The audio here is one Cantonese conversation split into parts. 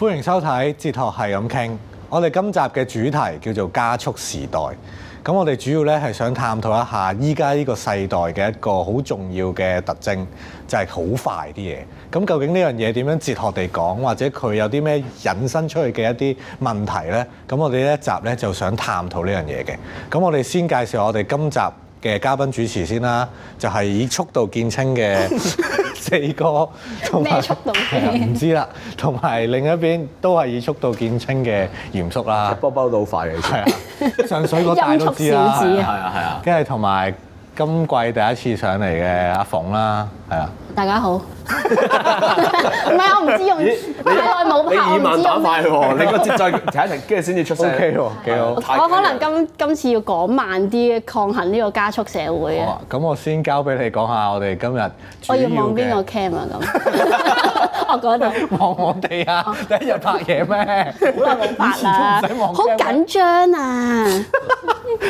歡迎收睇《哲學係咁傾》。我哋今集嘅主題叫做加速時代。咁我哋主要咧係想探討一下依家呢個世代嘅一個好重要嘅特徵，就係好快啲嘢。咁究竟呢樣嘢點樣哲學地講，或者佢有啲咩引申出去嘅一啲問題呢？咁我哋呢一集咧就想探討呢樣嘢嘅。咁我哋先介紹我哋今集嘅嘉賓主持先啦，就係以速度見稱嘅。四個同埋，速度。唔知啦。同埋另一邊都係以速度見稱嘅嚴叔啦，包包到快嘅，上水果帶都知啦，係啊，係啊，跟住同埋。今季第一次上嚟嘅阿鳳啦，係啊，大家好。唔係我唔知用，太耐冇拍唔知喎。你二萬打快喎，你個節再睇一集跟住先至出聲喎，幾好。我可能今今次要講慢啲抗衡呢個加速社會啊。咁我先交俾你講下，我哋今日我要望邊個 cam 啊？咁，我講到望我哋啊，第一日拍嘢咩？好難忘好緊張啊！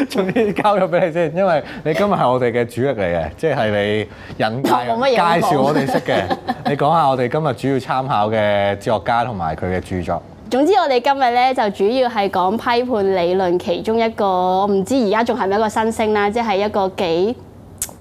總之交咗俾你先，因為你今日係我哋嘅主力嚟嘅，即係你引介紹我哋識嘅。你講下我哋今日主要參考嘅哲學家同埋佢嘅著作。總之我哋今日咧就主要係講批判理論，其中一個我唔知而家仲係咪一個新星啦，即係一個幾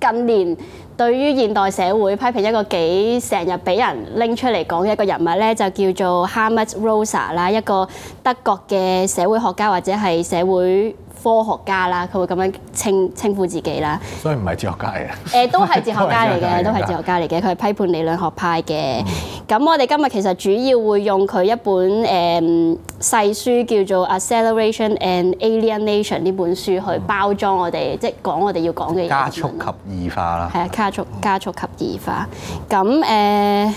近年對於現代社會批評一個幾成日俾人拎出嚟講嘅一個人物咧，就叫做 Hartmut Rosa 啦，一個德國嘅社會學家或者係社會科學家啦，佢會咁樣稱稱呼自己啦。所以唔係哲學家嚟嘅。誒， 都係哲學家嚟嘅，都係哲學家嚟嘅。佢係批判理論學派嘅。咁、嗯、我哋今日其實主要會用佢一本誒、嗯、細書叫做《Acceleration and Alienation》呢本書去包裝我哋，嗯、即係講我哋要講嘅嘢加速及異化啦。係啊、嗯，加速、加速及異化。咁誒。嗯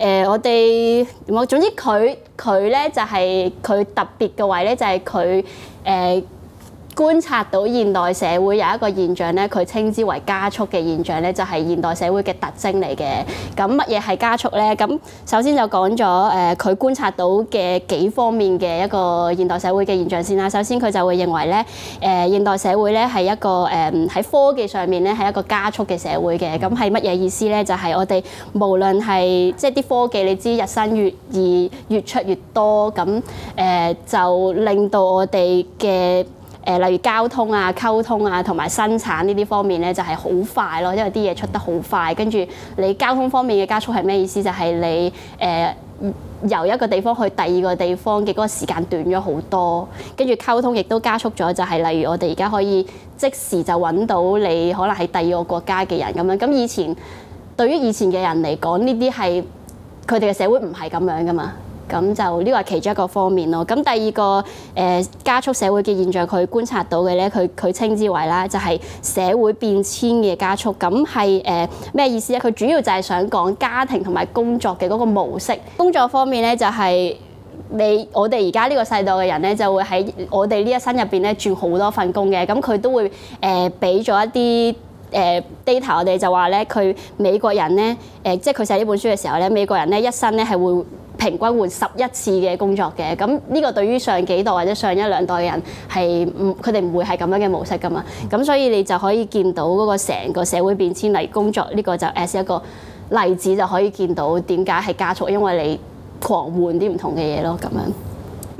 誒、呃，我哋冇，總之佢佢咧就係佢特別嘅位咧，就係佢誒。就是觀察到現代社會有一個現象咧，佢稱之為加速嘅現象咧，就係、是、現代社會嘅特徵嚟嘅。咁乜嘢係加速咧？咁首先就講咗誒，佢、呃、觀察到嘅幾方面嘅一個現代社會嘅現象先啦。首先佢就會認為咧，誒、呃、現代社會咧係一個誒喺、呃、科技上面咧係一個加速嘅社會嘅。咁係乜嘢意思咧？就係、是、我哋無論係即係啲科技，你知日新月異，越出越多，咁誒、呃、就令到我哋嘅。誒、呃，例如交通啊、溝通啊，同埋生產呢啲方面咧，就係、是、好快咯，因為啲嘢出得好快。跟住你交通方面嘅加速係咩意思？就係、是、你誒、呃、由一個地方去第二個地方嘅嗰個時間短咗好多。跟住溝通亦都加速咗，就係、是、例如我哋而家可以即時就揾到你可能係第二個國家嘅人咁樣。咁以前對於以前嘅人嚟講，呢啲係佢哋嘅社會唔係咁樣㗎嘛。咁就呢、這個係其中一個方面咯。咁第二個誒、呃、加速社會嘅現象，佢觀察到嘅咧，佢佢稱之為啦，就係、是、社會變遷嘅加速。咁係誒咩意思咧？佢主要就係想講家庭同埋工作嘅嗰個模式。工作方面咧，就係、是、你我哋而家呢個世代嘅人咧，就會喺我哋呢一生入邊咧轉好多份工嘅。咁佢都會誒俾咗一啲誒 data，我哋就話咧，佢美國人咧誒、呃，即係佢寫呢本書嘅時候咧，美國人咧一生咧係會平均換十一次嘅工作嘅，咁呢個對於上幾代或者上一兩代人係唔佢哋唔會係咁樣嘅模式㗎嘛，咁、嗯、所以你就可以見到嗰個成個社會變遷嚟工作呢、呢個就 as 一個例子就可以見到點解係加速，因為你狂換啲唔同嘅嘢咯，咁樣。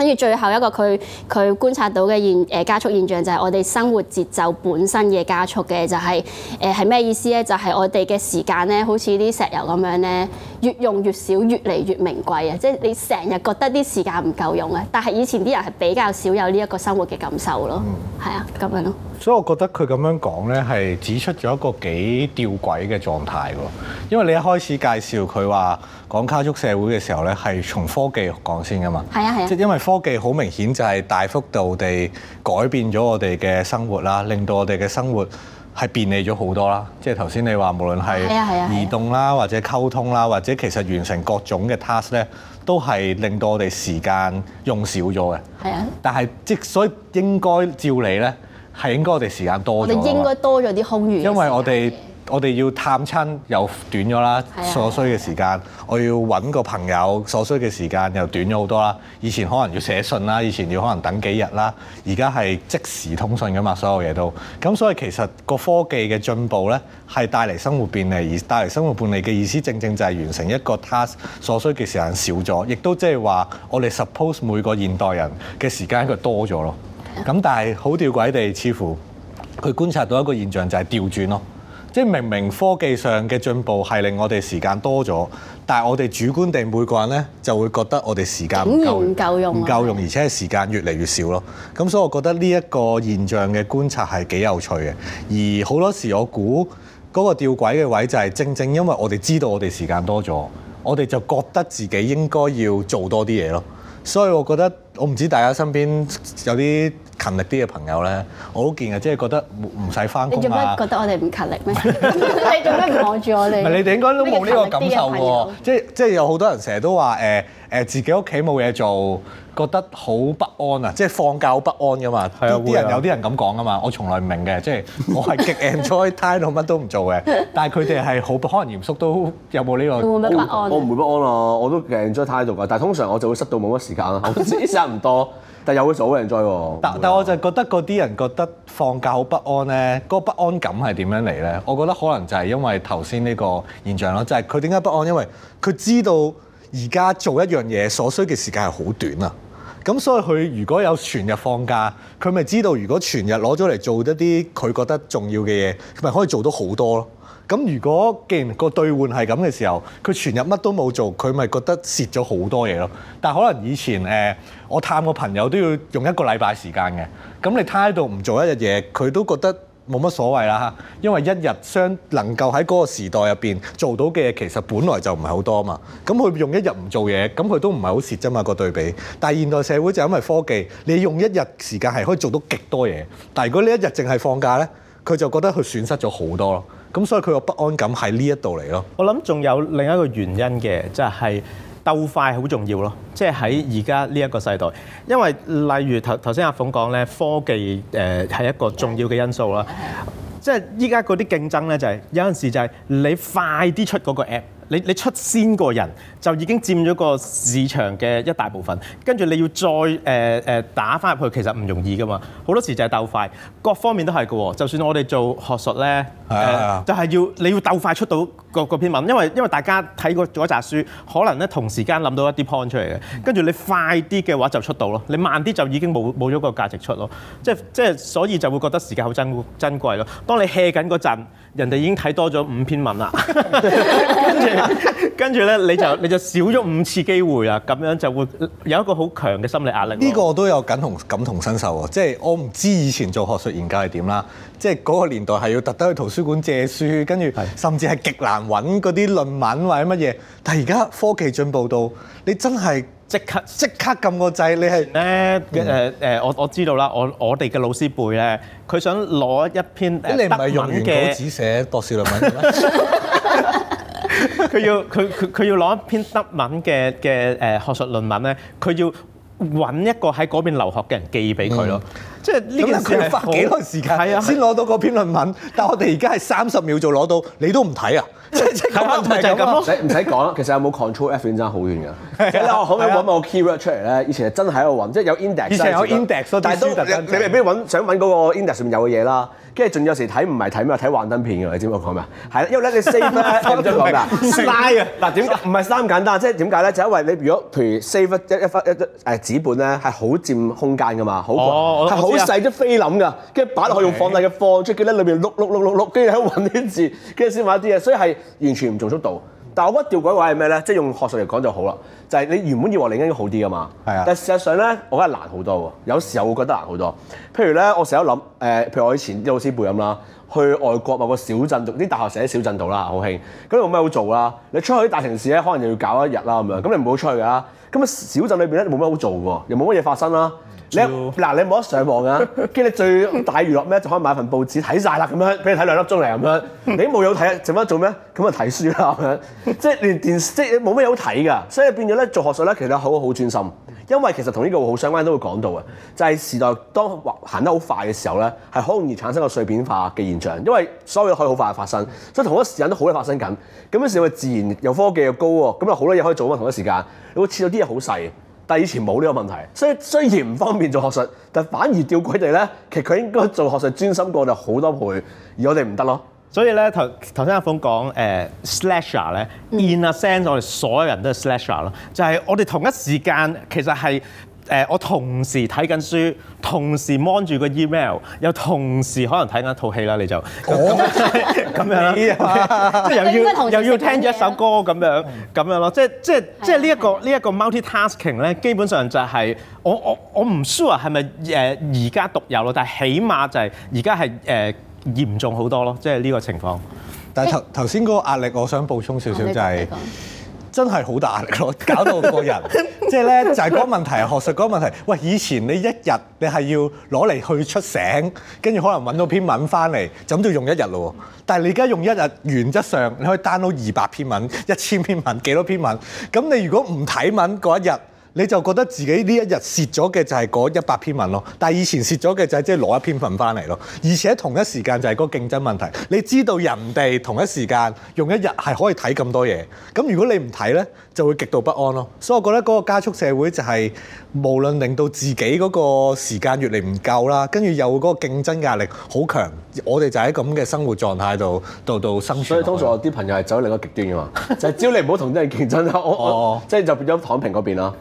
跟住最後一個，佢佢觀察到嘅現誒、呃、加速現象就係我哋生活節奏本身嘅加速嘅、就是呃，就係誒係咩意思咧？就係我哋嘅時間咧，好似啲石油咁樣咧，越用越少，越嚟越名貴啊！即係你成日覺得啲時間唔夠用啊，但係以前啲人係比較少有呢一個生活嘅感受咯，係、嗯、啊，咁樣咯。所以我覺得佢咁樣講咧，係指出咗一個幾吊詭嘅狀態喎。因為你一開始介紹佢話，講加速社會嘅時候呢係從科技講先噶嘛？係啊係啊，即係因為科技好明顯就係大幅度地改變咗我哋嘅生活啦，令到我哋嘅生活係便利咗好多啦。即係頭先你話無論係移動啦，或者溝通啦，或者其實完成各種嘅 task 呢，都係令到我哋時間用少咗嘅。係啊的。但係即係所以應該照理呢，係應該我哋時間多咗。我哋應該多咗啲空餘。因為我哋。我哋要探親又短咗啦，所需嘅時間；我要揾個朋友所需嘅時間又短咗好多啦。以前可能要寫信啦，以前要可能要等幾日啦，而家係即時通訊㗎嘛，所有嘢都。咁所以其實個科技嘅進步呢，係帶嚟生活便利而帶嚟生活便利嘅意思，正正就係完成一個 task 所需嘅時間少咗，亦都即係話我哋 suppose 每個現代人嘅時間佢多咗咯。咁但係好吊詭地，似乎佢觀察到一個現象就係調轉咯。即係明明科技上嘅進步係令我哋時間多咗，但係我哋主觀地每個人咧就會覺得我哋時間唔夠用，唔夠用，用是而且係時間越嚟越少咯。咁所以我覺得呢一個現象嘅觀察係幾有趣嘅。而好多時我估嗰、嗰個吊詭嘅位就係正正因為我哋知道我哋時間多咗，我哋就覺得自己應該要做多啲嘢咯。所以我覺得我唔知大家身邊有啲。勤力啲嘅朋友咧，我都見嘅，即係覺得唔使翻工，你做咩覺得我哋唔勤力咩？ 你做咩唔望住我哋？你哋應該都冇呢個感受喎！即係即係有好多人成日都話誒誒自己屋企冇嘢做，覺得好不安啊！即係放假好不安噶嘛？啲的人，會的 人有啲人咁講啊嘛，我從來唔明嘅，即係我係極 enjoy type 到乜都唔做嘅， 但係佢哋係好唔可能嚴肅都有冇呢個？我會不安，啊、我唔會不安啊！我都 enjoy type 到㗎，但係通常我就會失到冇乜時間啊，時間唔多。 有嘅時候好難追喎，但但我就覺得嗰啲人覺得放假好不安呢，嗰個不安感係點樣嚟呢？我覺得可能就係因為頭先呢個現象咯，就係佢點解不安？因為佢知道而家做一樣嘢所需嘅時間係好短啊，咁所以佢如果有全日放假，佢咪知道如果全日攞咗嚟做一啲佢覺得重要嘅嘢，佢咪可以做到好多咯。咁如果既然個兌換係咁嘅時候，佢全日乜都冇做，佢咪覺得蝕咗好多嘢咯？但係可能以前誒，我探個朋友都要用一個禮拜時間嘅。咁你攤喺度唔做一日嘢，佢都覺得冇乜所謂啦，因為一日相能夠喺嗰個時代入邊做到嘅嘢，其實本來就唔係好多嘛。咁佢用一日唔做嘢，咁佢都唔係好蝕啫嘛。個對比，但係現代社會就因為科技，你用一日時間係可以做到極多嘢。但係如果你一日淨係放假咧，佢就覺得佢損失咗好多咯。咁所以佢個不安感喺呢一度嚟咯。我諗仲有另一個原因嘅，就係鬥快好重要咯。即係喺而家呢一個世代，因為例如頭頭先阿鳳講咧，科技誒係一個重要嘅因素啦。即係依家嗰啲競爭咧，就係有陣時就係你快啲出嗰個 app。你你出先個人就已經佔咗個市場嘅一大部分，跟住你要再誒誒打返入去，其實唔容易噶嘛。好多時就係鬥快，各方面都係噶喎。就算我哋做學術咧，誒，就係要你要鬥快出到嗰嗰篇文，因為因為大家睇過咗一集書，可能咧同時間諗到一啲 point 出嚟嘅，跟住你快啲嘅話就出到咯，你慢啲就已經冇冇咗個價值出咯。即即係所以就會覺得時間好珍珍貴咯。當你 hea 緊嗰陣，人哋已經睇多咗五篇文啦，跟住。 跟住咧，你就你就少咗五次機會啊！咁樣就會有一個好強嘅心理壓力。呢個我都有感同感同身受喎，即係我唔知以前做學術研究係點啦，即係嗰個年代係要特登去圖書館借書，跟住甚至係極難揾嗰啲論文或者乜嘢。但係而家科技進步到，你真係即刻即刻撳個掣，你係呢？誒誒、呃嗯呃，我我知道啦，我我哋嘅老師輩呢，佢想攞一篇，你唔係用完稿紙寫博士論文咩？ 佢 要佢佢佢要攞一篇德文嘅嘅誒學術論文咧，佢要揾一個喺嗰邊留學嘅人寄俾佢咯。嗯、即係呢件事，佢花幾耐時間先攞到嗰篇論文？啊、但我哋而家係三十秒就攞到，你都唔睇啊！即即係咁啊！唔使唔使講啦。其實有冇 Control F 已經爭好遠㗎。係啦、啊，啊、我後屘揾埋個 keyword 出嚟咧。以前係真係喺度揾，即係有 index。以前有 index ind 但係都特別正正你咪邊揾想揾嗰個 index 上面有嘅嘢啦。跟住仲有時睇唔係睇咩睇幻燈片嘅。你知唔知我講咩？係啦，因為咧你 save 咧點樣講㗎？嘥啊！嗱點解唔係三簡單，即係點解咧？就因為你如果譬如 save 一一一誒紙本咧，係好佔空間㗎嘛，好大，係好細啲菲林㗎，跟住擺落去用放大鏡放出，跟住咧裏邊碌碌碌碌碌，跟住喺度揾啲字，跟住先買啲嘢，所以係完全唔做速度。但我屈得調改嘅話係咩咧？即係用學術嚟講就好啦，就係、是、你原本以為你應該好啲㗎嘛。係啊的，但係事實上咧，我覺得難好多喎。有時候會覺得難好多。譬如咧，我成日都諗誒，譬如我以前啲老師背咁啦，去外國某個小鎮讀啲大學，寫喺小鎮度啦，好興。咁你冇咩好做啦？你出去大城市咧，可能又要搞一日啦咁樣。咁你唔好出去㗎。咁啊，小鎮裏邊咧冇咩好做喎，又冇乜嘢發生啦。你嗱，你冇得上網啊？跟住你最大娛樂咩？就可以買份報紙睇晒啦，咁樣俾你睇兩粒鐘嚟咁樣。你冇有睇，做乜做咩？咁啊睇書啦咁樣，即係連電視即係冇咩好睇噶。所以變咗咧，做學術咧，其實好好專心，因為其實同呢個好相關都會講到嘅，就係時代當行得好快嘅時候咧，係好容易產生個碎片化嘅現象，因為所有嘢可以好快發生，即係同一時間都好快發生緊。咁於是咪自然又科技又高喎，咁又好多嘢可以做啊。同一時間，你會切到啲嘢好細。但以前冇呢個問題，所以雖然唔方便做學術，但反而吊詭地咧，其實佢應該做學術專心過我好多倍，而我哋唔得咯。所以咧，頭頭先阿鳳講誒、呃、slasher 咧，in a sense 我哋所有人都係 slasher 咯，就係我哋同一時間其實係。誒，我同時睇緊書，同時 mon 住個 email，又同時可能睇緊一套戲啦，你就咁、哦、 樣啦，即係 又要又要聽咗一首歌咁、嗯、樣，咁樣咯，即係即係即係呢一個呢一的個 multi-tasking 咧，基本上就係、是、我我我唔 sure 係咪誒而家獨有咯，但係起碼就係而家係誒嚴重好多咯，即係呢個情況。但係頭頭先嗰個壓力，我想補充少少、嗯哦、就係、是。真係好大壓力咯，搞到個人，即係咧就係、係、嗰個問題，學術嗰個問題。喂，以前你一日你係要攞嚟去出醒，跟住可能搵到篇文翻嚟，就咁都用一日咯。但係你而家用一日，原則上你可以 download 二百篇文、一千篇文、幾多篇文。咁你如果唔睇文嗰一日，你就覺得自己呢一日蝕咗嘅就係嗰一百篇文咯，但係以前蝕咗嘅就係即係攞一篇文翻嚟咯，而且同一時間就係個競爭問題，你知道人哋同一時間用一日係可以睇咁多嘢，咁如果你唔睇呢？就會極度不安咯，所以我覺得嗰個加速社會就係無論令到自己嗰個時間越嚟唔夠啦，跟住又嗰個競爭壓力好強，我哋就喺咁嘅生活狀態度度度生存。所以通常我啲朋友係走另一個極端嘅嘛，就係只要你唔好同啲人競爭啦，即係就變咗躺平嗰邊啦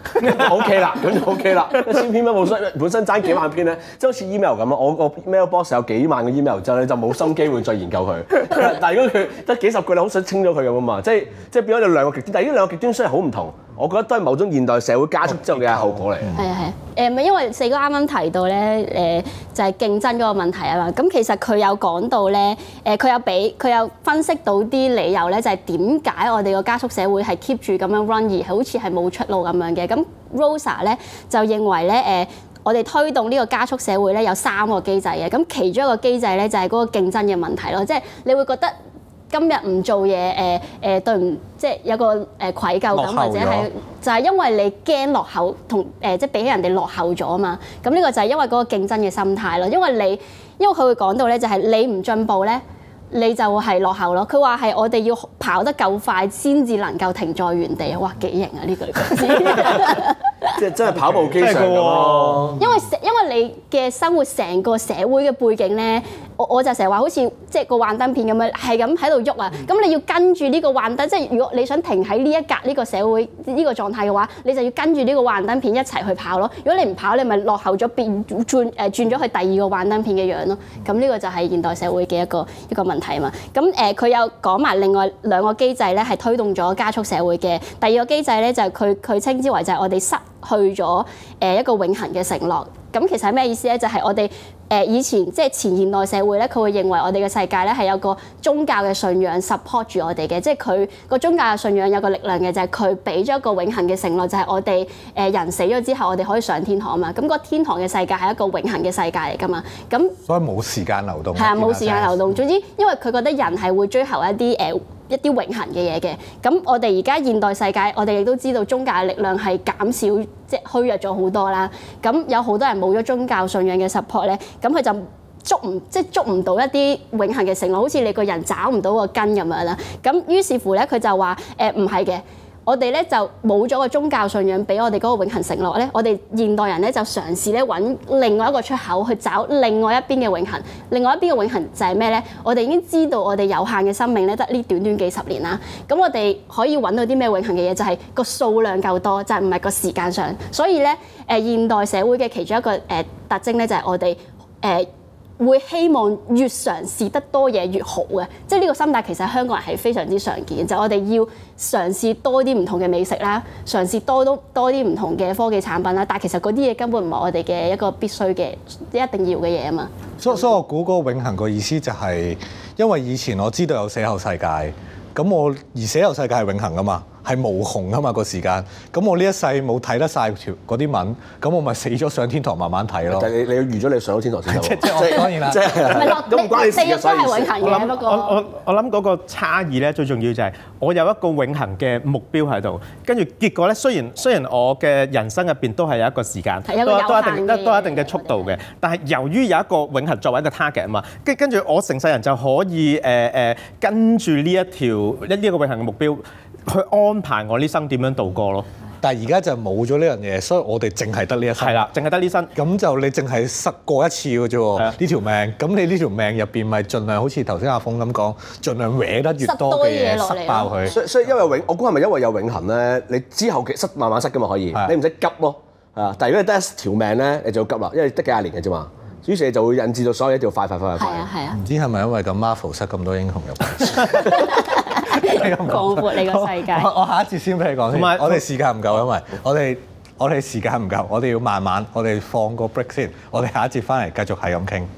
，OK 啦，咁就 OK 啦，一千篇都冇本身爭幾萬篇咧，即係好似 email 咁啊，我我 email box 有幾萬個 email，就你就冇心機會再研究佢。但係如果佢得幾十句，你好想清咗佢咁啊嘛，即係即係變咗兩個極端，但係呢兩個極端雖好唔同，我覺得都係某種現代社會加速之後嘅後果嚟。係啊係啊，誒咪因為四哥啱啱提到咧，誒就係競爭嗰個問題啊嘛。咁其實佢有講到咧，誒佢有俾佢有分析到啲理由咧，就係點解我哋個加速社會係 keep 住咁樣 run 而好似係冇出路咁樣嘅。咁 Rosa 咧就認為咧，誒我哋推動呢個加速社會咧有三個機制嘅。咁其中一個機制咧就係嗰個競爭嘅問題咯，即係你會覺得。今日唔做嘢，誒、呃、誒、呃、對唔，即係有個誒、呃、愧疚感，或者係就係、是、因為你驚落後，同誒、呃、即係比起人哋落後咗啊嘛。咁、這、呢個就係因為嗰個競爭嘅心態咯。因為你因為佢會講到咧，就係你唔進步咧，你就係落後咯。佢話係我哋要跑得夠快，先至能夠停在原地。哇，幾型啊呢句 即係真係跑步機上㗎喎，因為因為你嘅生活成個社會嘅背景咧，我我就成日話好似即係個幻燈片咁樣，係咁喺度喐啊。咁 你要跟住呢個幻燈，即係如果你想停喺呢一格呢個社會呢個狀態嘅話，你就要跟住呢個幻燈片一齊去跑咯。如果你唔跑，你咪落後咗變轉，誒轉咗去第二個幻燈片嘅樣咯。咁呢個就係現代社會嘅一個一個問題啊嘛。咁誒佢又講埋另外兩個機制咧，係推動咗加速社會嘅第二個機制咧，就係佢佢稱之為就係我哋失去咗誒一個永恒嘅承諾，咁其實係咩意思咧？就係我哋。誒以前即係前現代社會咧，佢會認為我哋嘅世界咧係有個宗教嘅信仰 support 住我哋嘅，即係佢個宗教嘅信仰有個力量嘅，就係佢俾咗一個永恆嘅承諾，就係、是、我哋誒、呃、人死咗之後，我哋可以上天堂啊嘛。咁、那個天堂嘅世界係一個永恆嘅世界嚟噶嘛。咁所以冇時間流動。係啊的，冇下時間流動。總之，因為佢覺得人係會追求一啲誒、呃、一啲永恆嘅嘢嘅。咁我哋而家現代世界，我哋亦都知道宗教嘅力量係減少。即係虛弱咗好多啦，咁有好多人冇咗宗教信仰嘅 support 咧，咁佢就捉唔即係捉唔到一啲永恆嘅承諾，好似你個人找唔到個根咁樣啦。咁於是乎咧，佢就話：誒，唔係嘅。我哋咧就冇咗個宗教信仰俾我哋嗰個永恆承諾咧，我哋現代人咧就嘗試咧揾另外一個出口去找另外一邊嘅永恆，另外一邊嘅永恆就係咩咧？我哋已經知道我哋有限嘅生命咧得呢短短幾十年啦，咁我哋可以揾到啲咩永恆嘅嘢？就係、是、個數量夠多，就係唔係個時間上。所以咧，誒、呃、現代社會嘅其中一個誒、呃、特徵咧，就係、是、我哋誒，呃會希望越嘗試得多嘢越好嘅，即係呢個心態其實香港人係非常之常見，就我哋要嘗試多啲唔同嘅美食啦，嘗試多多多啲唔同嘅科技產品啦，但係其實嗰啲嘢根本唔係我哋嘅一個必須嘅、一定要嘅嘢啊嘛。所以所以我估嗰個永恆個意思就係，因為以前我知道有死後世界，咁我而死後世界係永恆噶嘛。係無窮啊嘛個時間，咁我呢一世冇睇得晒條嗰啲文，咁我咪死咗上天堂慢慢睇咯。但係你你要預咗你上到天堂先好。當然啦，即係、即係即係、都唔關你事啊、嗰個！我諗我我我諗嗰個差異咧，最重要就係我有一個永恆嘅目標喺度，跟住結果咧，雖然雖然我嘅人生入邊都係有一個時間，一都，都一定都一定嘅速度嘅，但係由於有一個永恆作為一個 target 啊嘛，跟跟住我成世人就可以誒誒、呃、跟住呢一、呃、一條一呢、呢個永恆嘅目標。去安排我呢生點樣度過咯，但係而家就冇咗呢樣嘢，所以我哋淨係得呢一生，係啦，淨係得呢生，咁就你淨係塞過一次嘅啫喎，呢條命。咁你呢條命入邊咪盡量好似頭先阿鳳咁講，盡量搲得越多嘅嘢，塞爆佢。所所以因為永，我估係咪因為有永恆咧？你之後嘅塞慢慢塞嘅嘛，可以，你唔使急咯。啊，但係如果你得一條命咧，你就要急啦，因為得幾廿年嘅啫嘛。於是你就會引致到所有一定要快快快快快。啊，唔知係咪因為咁 Marvel 塞咁多英雄入？係咁廣闊，你個世界我。我下一節先俾你講先，唔係是我哋時間唔夠，因為我哋我哋時間唔夠，我哋要慢慢，我哋放個 break 先，我哋下一節翻嚟繼續係咁傾。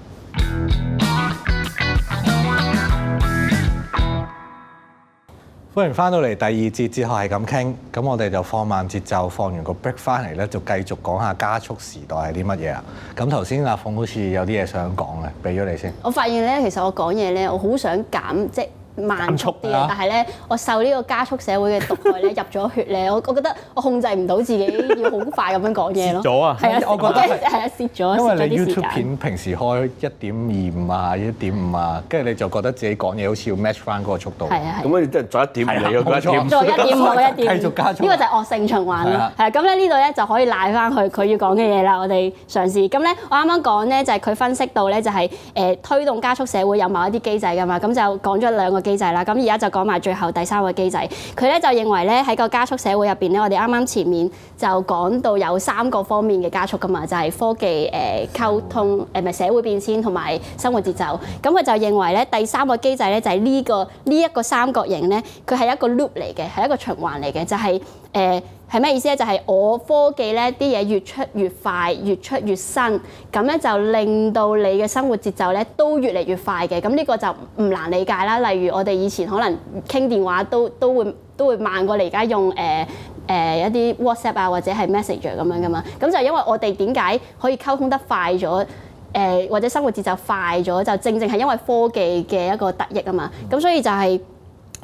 歡迎翻到嚟第二節哲學係咁傾，咁我哋就放慢節奏，放完個 break 翻嚟咧就繼續講下加速時代係啲乜嘢啊？咁頭先阿鳳好似有啲嘢想講嘅，俾咗你先。我發現咧，其實我講嘢咧，我好想減即。就是慢速啲，但係咧，我受呢個加速社會嘅毒害咧，入咗血咧，我我覺得我控制唔到自己，要好快咁樣講嘢咯。蝕咗啊！係啊，我覺得係。因為你 YouTube 片平時開一點二五啊，一點五啊，跟住你就覺得自己講嘢好似要 match 翻嗰個速度。係啊咁啊，即係再一點嚟咯，加速。再一點五，一點。繼續加速。呢個就係惡性循環啦。係咁咧，呢度咧就可以賴翻去佢要講嘅嘢啦。我哋嘗試。咁咧我啱啱講咧就係佢分析到咧就係誒推動加速社會有某一啲機制㗎嘛。咁就講咗兩個機制啦，咁而家就講埋最後第三個機制，佢咧就認為咧喺個加速社會入邊咧，我哋啱啱前面就講到有三個方面嘅加速噶嘛，就係、是、科技、誒、呃、溝通、誒、呃、唔係社會變遷同埋生活節奏。咁佢就認為咧，第三個機制咧就係、是、呢、這個呢一、這個三角形咧，佢係一個 loop 嚟嘅，係一個循環嚟嘅，就係、是、誒。呃係咩意思咧？就係、是、我科技咧啲嘢越出越快，越出越新，咁咧就令到你嘅生活節奏咧都越嚟越快嘅。咁呢個就唔難理解啦。例如我哋以前可能傾電話都都會都會慢過嚟而家用誒誒、呃呃、一啲 WhatsApp 啊或者係 Message 咁樣噶嘛。咁就因為我哋點解可以溝通得快咗誒、呃，或者生活節奏快咗，就正正係因為科技嘅一個得益啊嘛。咁所以就係、是。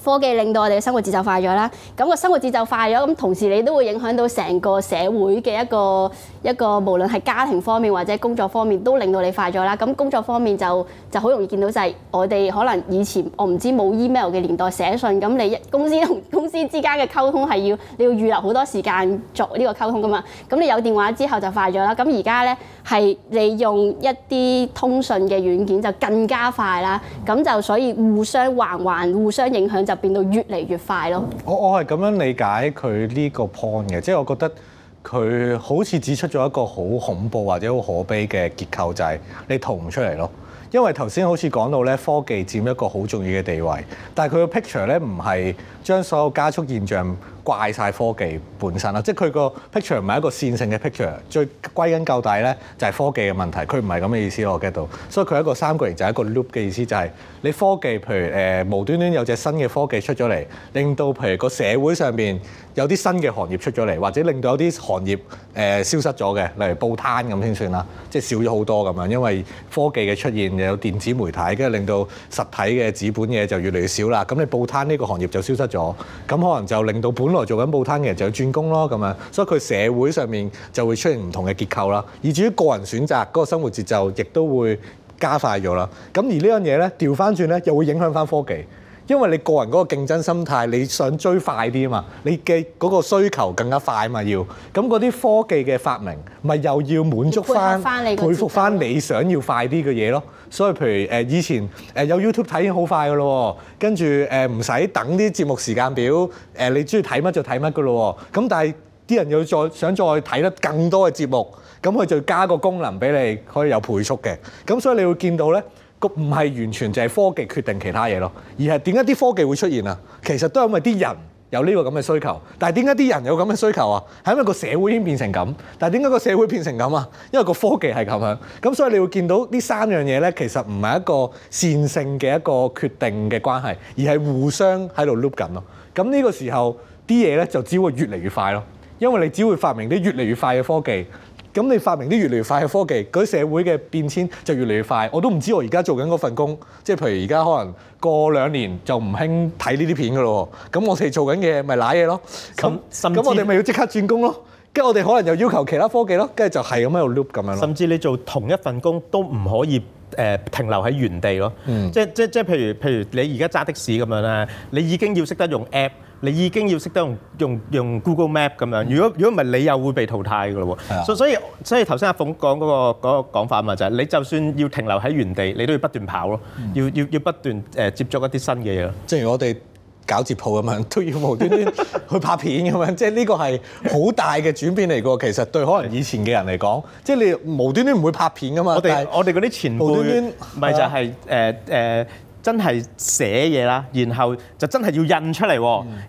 科技令到我哋嘅生活節奏快咗啦，咁個生活節奏快咗，咁同時你都會影響到成個社會嘅一個。一個無論係家庭方面或者工作方面都令到你快咗啦。咁工作方面就就好容易見到就係我哋可能以前我唔知冇 email 嘅年代寫信，咁你公司同公司之間嘅溝通係要你要預留好多時間做呢個溝通㗎嘛。咁你有電話之後就快咗啦。咁而家呢係你用一啲通訊嘅軟件就更加快啦。咁就所以互相環環互相影響就變到越嚟越快咯。我我係咁樣理解佢呢個 point 嘅，即係我覺得。佢好似指出咗一個好恐怖或者好可悲嘅結構，就係你逃唔出嚟咯。因為頭先好似講到咧，科技佔一個好重要嘅地位，但係佢嘅 picture 咧唔係將所有加速現象怪晒科技本身啦，即係佢個 picture 唔係一個線性嘅 picture，最歸根究底咧就係科技嘅問題，佢唔係咁嘅意思，我 get 到，所以佢一個三角形就係、是、一個 loop 嘅意思，就係、是、你科技譬如誒、呃、無端端有隻新嘅科技出咗嚟，令到譬如個社會上面有啲新嘅行業出咗嚟，或者令到有啲行業誒、呃、消失咗嘅，例如報攤咁先算啦，即係少咗好多咁樣，因為科技嘅出現又有電子媒體，跟住令到實體嘅紙本嘢就越嚟越少啦，咁你報攤呢個行業就消失咗，咁可能就令到本做緊報攤嘅人就要轉工咯，咁樣，所以佢社會上面就會出現唔同嘅結構啦。而至於個人選擇嗰個生活節奏，亦都會加快咗啦。咁而呢樣嘢呢，調翻轉呢，又會影響翻科技，因為你個人嗰個競爭心態，你想追快啲啊嘛，你嘅嗰個需求更加快嘛要，咁嗰啲科技嘅發明，咪又要滿足翻你，佩服翻你想要快啲嘅嘢咯。所以，譬如誒以前誒有 YouTube 睇已經好快嘅咯，跟住誒唔使等啲節目時間表，誒你中意睇乜就睇乜嘅咯。咁但係啲人又再想再睇得更多嘅節目，咁佢就加個功能俾你，可以有倍速嘅。咁所以你會見到咧，個唔係完全就係科技決定其他嘢咯，而係點解啲科技會出現啊？其實都係因為啲人。有呢個咁嘅需求，但係點解啲人有咁嘅需求啊？係因為個社會已經變成咁，但係點解個社會變成咁啊？因為個科技係咁樣，咁所以你會見到呢三樣嘢咧，其實唔係一個線性嘅一個決定嘅關係，而係互相喺度 loop 緊咯。咁呢個時候啲嘢咧就只會越嚟越快咯，因為你只會發明啲越嚟越快嘅科技。咁你發明啲越嚟越快嘅科技，嗰啲社會嘅變遷就越嚟越快。我都唔知我而家做緊嗰份工，即係譬如而家可能過兩年就唔興睇呢啲片噶咯。咁我哋做緊嘅咪瀨嘢咯。咁咁我哋咪要即刻轉工咯。跟住我哋可能又要求其他科技咯。跟住就係咁喺度 loop 咁樣。甚至你做同一份工都唔可以誒、呃、停留喺原地咯。嗯、即即即譬如譬如你而家揸的士咁樣咧，你已經要識得用 app。你已經要識得用用用 Google Map 咁樣，如果如果唔係，你又會被淘汰噶咯喎。所所以所以頭先阿鳳講嗰個嗰個講法嘛，就係你就算要停留喺原地，你都要不斷跑咯，要要要不斷誒接觸一啲新嘅嘢。正如我哋搞節目咁樣，都要無端端去拍片咁樣，即係呢個係好大嘅轉變嚟噶。其實對可能以前嘅人嚟講，即係你無端端唔會拍片噶嘛。我哋我哋嗰啲前輩咪就係誒誒。真係寫嘢啦，然後就真係要印出嚟，mm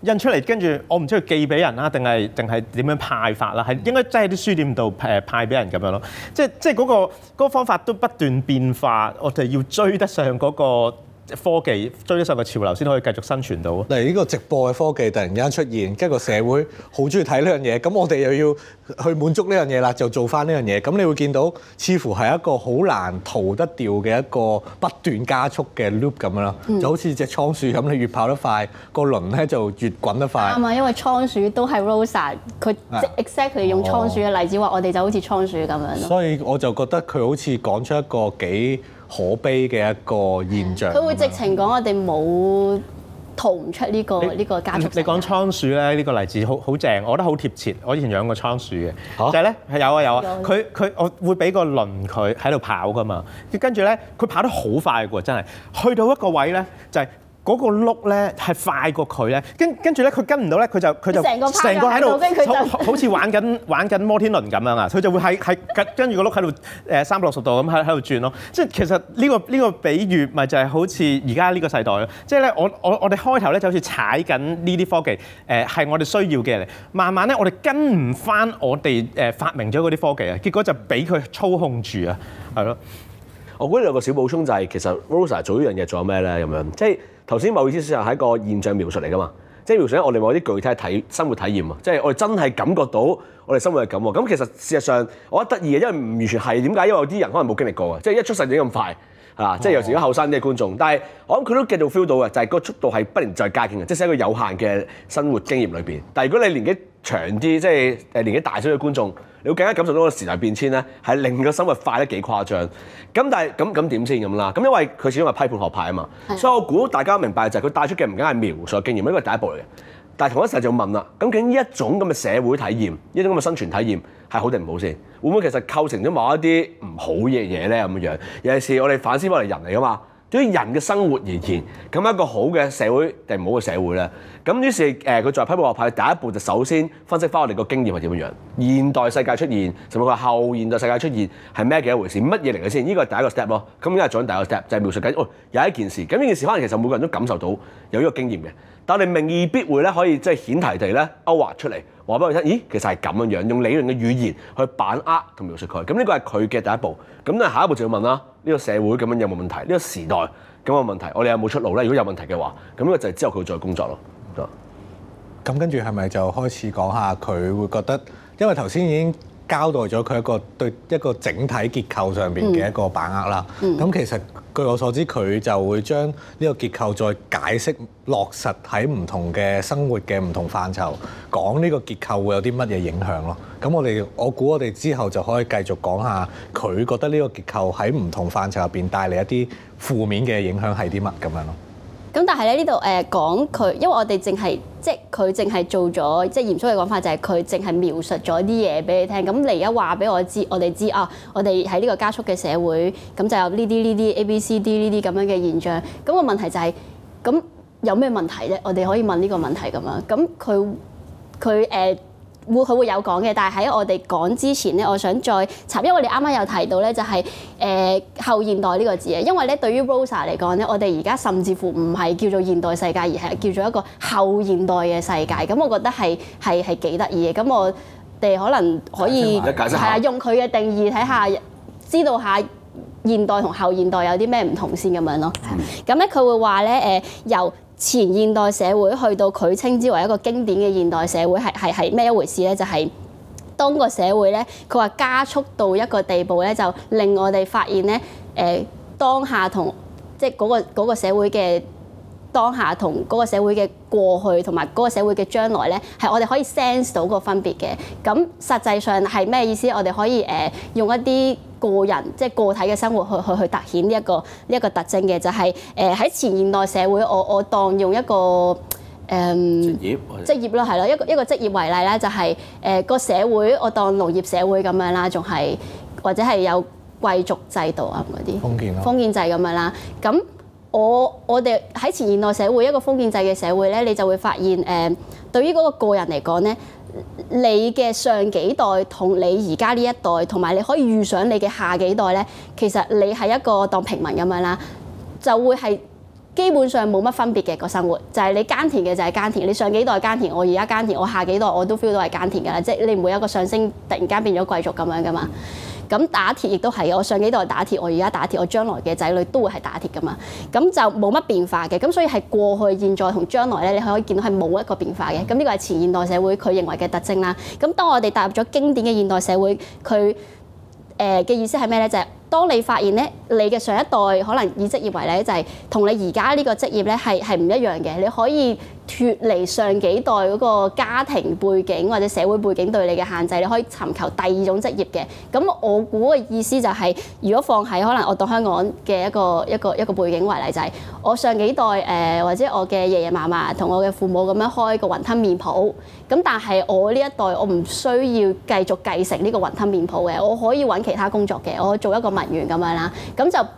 hmm. 印出嚟，跟住我唔知佢寄俾人啦，定係定係點樣派法啦？係、mm hmm. 應該真係啲書店度誒派俾、呃、人咁樣咯。即即嗰、嗰個嗰、嗰個方法都不斷變化，我哋要追得上嗰、嗰個。科技追得上嘅潮流先可以繼續生存到。嗱，呢個直播嘅科技突然間出現，跟住個社會好中意睇呢樣嘢，咁我哋又要去滿足呢樣嘢啦，就做翻呢樣嘢。咁你會見到，似乎係一個好難逃得掉嘅一個不斷加速嘅 loop 咁樣啦。嗯、就好似隻倉鼠咁，你越跑得快，個輪咧就越滾得快。啱啊，因為倉鼠都係 Rosa，佢 exactly 是用倉鼠嘅例子話，哦、我哋就好似倉鼠咁樣。所以我就覺得佢好似講出一個幾可悲嘅一個現象，佢、嗯、會直情講我哋冇逃唔出呢、呢個呢你個家族。你講倉鼠咧呢、呢個例子好好正，我覺得好貼切。我以前養過倉鼠嘅，啊、就係咧係有啊有啊，佢佢、啊嗯、我會俾個輪佢喺度跑噶嘛，跟住咧佢跑得好快㗎真係，去到一個位咧就係、是。嗰個碌咧係快過佢咧，跟跟住咧佢跟唔到咧，佢就佢就成個喺度，好好似玩緊玩緊摩天輪咁樣啊！佢就會喺喺跟住個碌喺、呃、度，誒三百六十度咁喺喺度轉咯。即係其實呢、呢個呢、呢個比喻咪就係好似而家呢個世代咯。即係咧，我我我哋開頭咧就好似踩緊呢啲科技，誒、呃、係我哋需要嘅嚟。慢慢咧，我哋跟唔翻我哋誒發明咗嗰啲科技啊，結果就俾佢操控住啊，係咯。我覺得有個小補充就係、是、其實 Rosa 做呢樣嘢做有咩咧咁樣，即係頭先某意思上係一個現象描述嚟㗎嘛，即係描述我哋某啲具體體生活體驗啊，即係我哋真係感覺到我哋生活係咁喎。咁其實事實上我覺得得意嘅，因為唔完全係點解？因為有啲人可能冇經歷過嘅，即係一出世已經咁快。啊！嗯、即係有時啲後生啲嘅觀眾，但係我諗佢都繼續 feel 到嘅，就係個速度係不能再加勁嘅，即係一個有限嘅生活經驗裏邊。但係如果你年紀長啲，即係誒年紀大少嘅觀眾，你會更加感受到個時代變遷咧，係令個生活快得幾誇張。咁但係咁咁點先咁啦？咁因為佢始終係批判學派啊嘛，的所以我估大家明白就係佢帶出嘅唔僅係描述經驗，呢個第一步嚟嘅。但係同一時就要問啦，咁究竟呢一種咁嘅社會體驗，呢一種咁嘅生存體驗，係好定唔好先，會唔會其實構成咗某一啲唔好嘅嘢咧咁樣？尤其係我哋反思翻，嚟人嚟噶嘛？對於人嘅生活而言，咁一個好嘅社會定唔好嘅社會咧？咁於是誒佢作為批判學派，第一步就首先分析翻我哋個經驗係點樣樣。現代世界出現，甚至佢後現代世界出現係咩嘅一回事？乜嘢嚟嘅先？呢個係第一個 step 咯。咁依家做緊第二個 step，就係、是、描述緊哦有一件事。咁呢件事可能其實每個人都感受到有呢個經驗嘅，但你未必會咧可以即係、就是、顯題地咧勾畫出嚟。我話俾佢聽，咦，其實係咁樣樣，用理論嘅語言去把握同描述佢，咁呢個係佢嘅第一步。咁咧，下一步就要問啦，呢、這個社會咁樣有冇問題？呢、這個時代咁嘅問題，我哋有冇出路咧？如果有問題嘅話，咁、這、呢個就係之後佢會再工作咯。咁、嗯嗯、跟住係咪就開始講下佢會覺得？因為頭先已經。交代咗佢一個對一個整體結構上邊嘅一個把握啦。咁、嗯、其實據我所知，佢就會將呢個結構再解釋落實喺唔同嘅生活嘅唔同範疇，講呢個結構會有啲乜嘢影響咯。咁我哋我估我哋之後就可以繼續講下佢覺得呢個結構喺唔同範疇入邊帶嚟一啲負面嘅影響，係啲乜咁樣咯。咁但係咧呢度誒、呃、講佢，因為我哋淨係即係佢淨係做咗，即係嚴肅嘅講法就係佢淨係描述咗啲嘢俾你聽。咁你而家話俾我知，我哋知啊，我哋喺呢個加速嘅社會，咁就有呢啲呢啲 A、B、C、D 呢啲咁樣嘅現象。咁個問題就係，咁有咩問題咧？我哋可以問呢個問題咁樣。咁佢佢誒。會佢會有講嘅，但係喺我哋講之前咧，我想再插，因為我哋啱啱有提到咧，就係誒後現代呢個字啊。因為咧，對於 Rosa 嚟講咧，我哋而家甚至乎唔係叫做現代世界，而係叫做一個後現代嘅世界。咁我覺得係係係幾得意嘅。咁我哋可能可以解釋係啊，用佢嘅定義睇下，知道下現代同後現代有啲咩唔同先咁樣咯。咁咧佢會話咧誒由前現代社會去到佢稱之為一個經典嘅現代社會係係係咩一回事咧？就係、係、當個社會咧，佢話加速到一個地步咧，就令我哋發現咧，誒、呃、當下同即係、嗰、嗰個嗰、嗰個社會嘅。當下同嗰個社會嘅過去同埋嗰個社會嘅將來呢，係我哋可以 sense 到個分別嘅。咁實際上係咩意思？我哋可以誒、呃、用一啲個人即係個體嘅生活去去去突顯呢、這、一個呢一、這個特徵嘅，就係誒喺前現代社會我，我我當用一個誒、呃、職業或者職業啦，係啦，一個一個職業為例啦，就係、是、誒、呃那個社會，我當農業社會咁樣啦，仲係或者係有貴族制度啊嗰啲封建啦、啊，封建制咁樣啦，咁。我我哋喺前現代社會一個封建制嘅社會咧，你就會發現誒、呃，對於嗰個個人嚟講咧，你嘅上幾代同你而家呢一代，同埋你可以遇上你嘅下幾代咧，其實你係一個當平民咁樣啦，就會係基本上冇乜分別嘅，個生活，就係、是、你耕田嘅就係耕田，你上幾代耕田，我而家耕田，我下幾代我都 feel 到係耕田㗎啦，即係你唔會有一個上升，突然間變咗貴族咁樣噶嘛。咁打鐵亦都係，我上幾代打鐵，我而家打鐵，我將來嘅仔女都會係打鐵㗎嘛，咁就冇乜變化嘅，咁所以係過去、現在同將來咧，你可以見到係冇一個變化嘅，咁呢個係前現代社會佢認為嘅特徵啦。咁當我哋踏入咗經典嘅現代社會，佢誒嘅意思係咩咧？就係、是、當你發現咧，你嘅上一代可能以職業為例，就係、是、同你而家呢個職業咧係係唔一樣嘅，你可以。脫離上幾代嗰個家庭背景或者社會背景對你嘅限制，你可以尋求第二種職業嘅。咁我估嘅意思就係、是，如果放喺可能我當香港嘅一個一個一個背景為例就係、是，我上幾代誒、呃、或者我嘅爺爺嫲嫲同我嘅父母咁樣開一個雲吞麵鋪，咁但係我呢一代我唔需要繼續繼承呢個雲吞麵鋪嘅，我可以搵其他工作嘅，我做一個文員咁樣啦，咁就。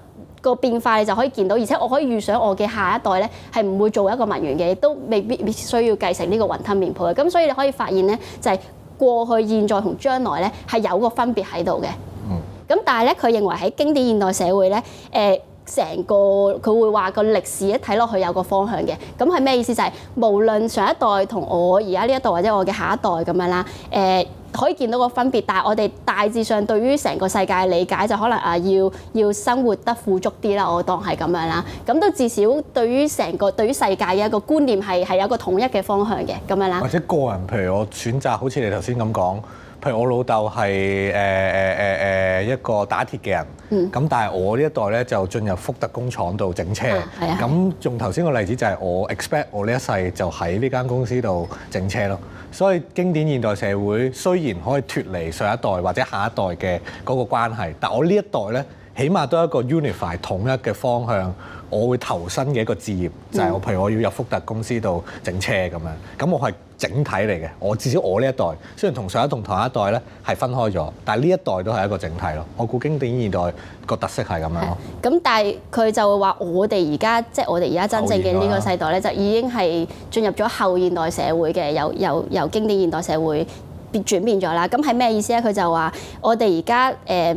個變化你就可以見到，而且我可以預想我嘅下一代咧係唔會做一個文員嘅，亦都未必必須要繼承呢個雲吞麵鋪嘅。咁所以你可以發現咧，就係過去、現在同將來咧係有個分別喺度嘅。嗯。咁但係咧，佢認為喺經典現代社會咧，誒，成個佢會話個歷史一睇落去有個方向嘅。咁係咩意思？就係無論上一代同我而家呢一代，或者我嘅下一代咁樣啦，誒。可以見到個分別，但係我哋大致上對於成個世界理解就可能啊，要要生活得富足啲啦。我當係咁樣啦，咁都至少對於成個對於世界嘅一個觀念係係有一個統一嘅方向嘅咁樣啦。或者個人，譬如我選擇，好似你頭先咁講。譬如我老豆係誒誒誒一個打鐵嘅人，咁、嗯、但係我呢一代咧就進入福特工廠度整車，咁仲用頭先個例子就係我 expect 我呢一世就喺呢間公司度整車咯。所以經典現代社會雖然可以脫離上一代或者下一代嘅嗰個關係，但我呢一代呢，起碼都係一個 unify 統一嘅方向。我會投身嘅一個職業就係、是、我，譬如我要入福特公司度整車咁樣，咁我係整體嚟嘅。我至少我呢一代，雖然同上一代同下一代咧係分開咗，但係呢一代都係一個整體咯。我估經典現代個特色係咁樣咯。咁但係佢就會話我哋而家即係我哋而家真正嘅呢個世代咧，就已經係進入咗後現代社會嘅，由由由經典現代社會變轉變咗啦。咁係咩意思咧？佢就話我哋而家誒。呃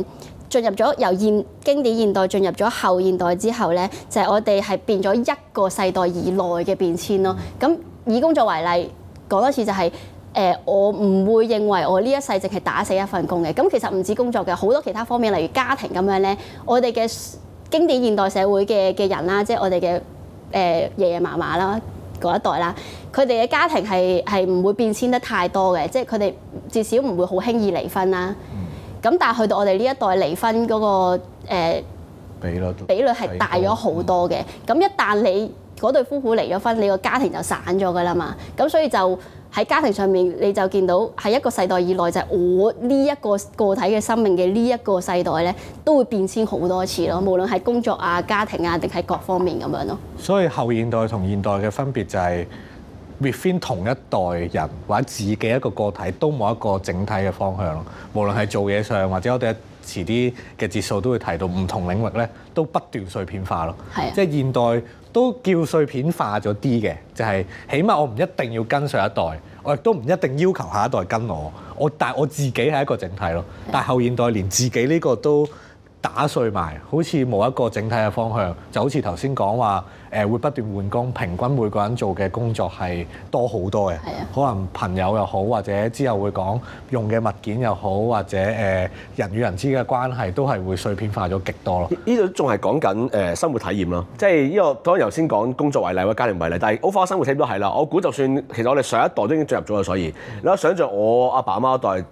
進入咗由現經典現代進入咗後現代之後咧，就係我哋係變咗一個世代以內嘅變遷咯。咁以工作為例，講多次就係誒，我唔會認為我呢一世淨係打死一份工嘅。咁其實唔止工作嘅，好多其他方面，例如家庭咁樣咧，我哋嘅經典現代社會嘅嘅人啦，即係我哋嘅誒爺爺嫲嫲啦嗰一代啦，佢哋嘅家庭係係唔會變遷得太多嘅，即係佢哋至少唔會好輕易離婚啦。咁但係去到我哋呢一代離婚嗰個、呃、比率，比率係大咗好多嘅。咁一旦你嗰對夫婦離咗婚，你個家庭就散咗㗎喇嘛。咁所以就喺家庭上面，你就見到喺一個世代以內，就係我呢一個個體嘅生命嘅呢一個世代咧，都會變遷好多次咯。嗯、無論係工作啊、家庭啊，定係各方面咁樣咯。所以後現代同現代嘅分別就係。Within 同一代人或者自己一個個體都冇一個整體嘅方向，無論係做嘢上或者我哋遲啲嘅節數都會提到，唔同領域咧都不斷碎片化咯。啊、即係現代都叫碎片化咗啲嘅，就係、係、起碼我唔一定要跟上一代，我亦都唔一定要求下一代跟我。我但係我自己係一個整體咯，啊、但係後現代連自己呢個都打碎埋，好似冇一個整體嘅方向，就好似頭先講話。誒會不斷換工，平均每個人做嘅工作係多好多嘅。係啊。可能朋友又好，或者之後會講用嘅物件又好，或者誒、呃、人與人之間嘅關係都係會碎片化咗極多咯。呢度仲係講緊誒生活體驗咯，即係呢個當然頭先講工作為例或者家庭為例，但係好花生活體驗都係啦。我估就算其實我哋上一代都已經進入咗啦，所以你一想像我阿爸阿媽一代。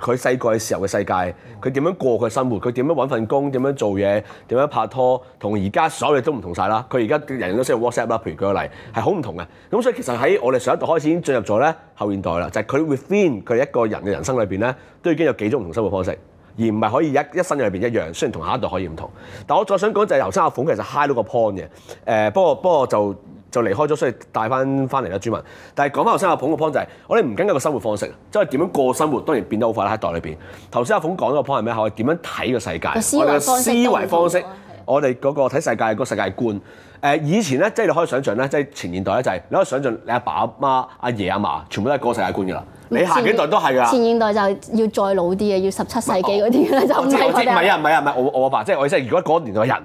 佢細個嘅時候嘅世界，佢點樣過佢嘅生活，佢點樣揾份工，點樣做嘢，點樣拍拖，同而家所有嘢都唔同晒啦。佢而家人人都識用 WhatsApp 啦，譬如舉個例係好唔同嘅。咁所以其實喺我哋上一代開始已經進入咗咧後現代啦，就係、是、佢 within 佢一個人嘅人生裏邊咧，都已經有幾種唔同生活方式，而唔係可以一一生入邊一樣。雖然同下一代可以唔同，但我再想講就係頭先阿鳳其實 high 到個 point 嘅。誒、呃，不過不過就。就離開咗，所以帶翻翻嚟啦，雋文。但係講翻頭先阿鳳個 point 就係，我哋唔僅係個生活方式，即係點樣過生活，當然變得好快啦喺一代裏邊。頭先阿鳳講咗個 point 係咩？我點樣睇個世界，我哋嘅思維方式，我哋嗰個睇世界個世界觀。誒，以前咧，即係你可以想象咧，即係前現代咧，就係你可以想象你阿爸阿媽、阿爺阿嫲，全部都係嗰個世界觀㗎啦。你下幾代都係㗎。前現代就要再老啲嘅，要十七世紀嗰啲啦，就唔係佢哋。唔係啊，唔係啊，唔係我我阿爸，即係我即係如果嗰年代人，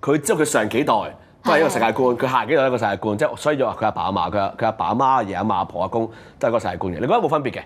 佢即係佢上幾代。因為一個世界觀，佢下幾代一個世界觀，即係所以就話佢阿爸阿媽，佢佢阿爸阿媽阿爺阿嫲阿婆阿公都係個世界觀嘅。你覺得冇分別嘅？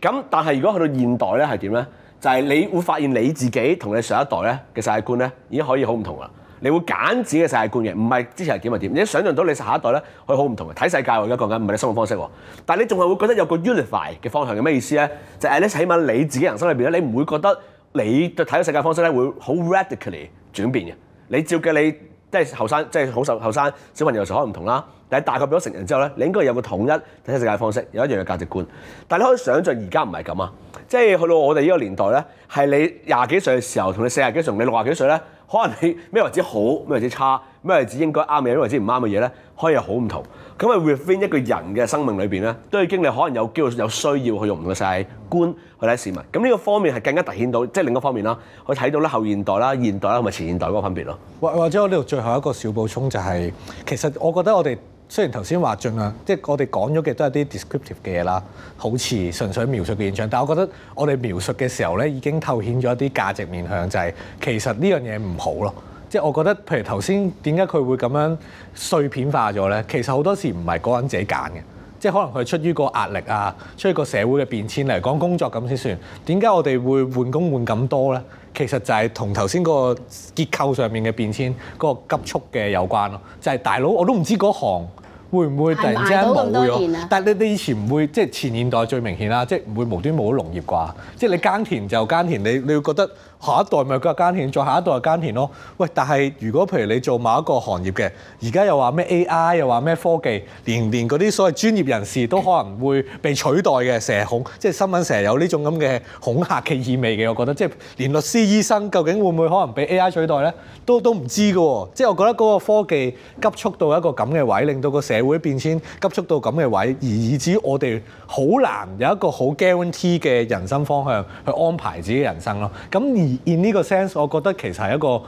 咁但係如果去到現代咧，係點咧？就係、是、你會發現你自己同你上一代咧嘅世界觀咧，已經可以好唔同啦。你會揀自己嘅世界觀嘅，唔係之前係點係點。你想象到你下一代咧佢好唔同嘅，睇世界喎，而家講緊，唔係你生活方式喎、啊。但係你仲係會覺得有個 unify 嘅方向嘅。咩意思咧？就係咧，起碼你自己人生裏邊咧，你唔會覺得你對睇世界方式咧會好 radically 轉變嘅。你照嘅你。即係後生，即係好細後生，小朋友嘅時候可能唔同啦。但係大個變咗成人之後咧，你應該有個統一睇世界嘅方式，有一樣嘅價值觀。但係你可以想像，而家唔係咁啊！即係去到我哋呢個年代咧，係你廿幾歲嘅時候，同你四廿幾歲，同你六廿幾歲咧。可能你咩或者好，咩或者差，咩或者應該啱嘅，咩或者唔啱嘅嘢咧，可以好唔同。咁啊，refine 一個人嘅生命裏邊咧，都要經歷可能有機會有需要去用唔同嘅視觀去睇市民。咁呢個方面係更加凸顯到，即係另一方面啦。我睇到咧後現代啦、現代啦同埋前現代嗰個分別咯。或或者我呢度最後一個小補充就係，其實我覺得我哋。雖然頭先話盡量，即係我哋講咗嘅都係啲 descriptive 嘅嘢啦，好似純粹描述嘅現象。但係我覺得我哋描述嘅時候咧，已經透顯咗一啲價值面向，就係其實呢樣嘢唔好咯。即係我覺得，譬如頭先點解佢會咁樣碎片化咗咧？其實好多時唔係嗰個人自己揀嘅，即係可能佢出於個壓力啊，出於個社會嘅變遷嚟講，工作咁先算。點解我哋會換工換咁多咧？其實就係同頭先嗰個結構上面嘅變遷嗰、嗰個急速嘅有關咯，就係、係、大佬我都唔知嗰行會唔會突然之間冇咗。但係你你以前唔會，即係前現代最明顯啦，即係唔會無端冇咗農業啩，即係你耕田就耕田，你你會覺得。下一代咪又耕田，再下一代又耕田咯。喂，但係如果譬如你做某一個行業嘅，而家又話咩 AI，又話咩科技，連連嗰啲所謂專業人士都可能會被取代嘅，成日恐即係新聞成日有呢種咁嘅恐嚇嘅意味嘅。我覺得即係連律師、醫生究竟會唔會可能被 AI 取代呢？都都唔知㗎喎、哦。即係我覺得嗰個科技急促到一個咁嘅位，令到個社會變遷急促到咁嘅位，而以至我哋好難有一個好 guarantee 嘅人生方向去安排自己人生咯。咁而 in 呢個 sense，我覺得其實係一個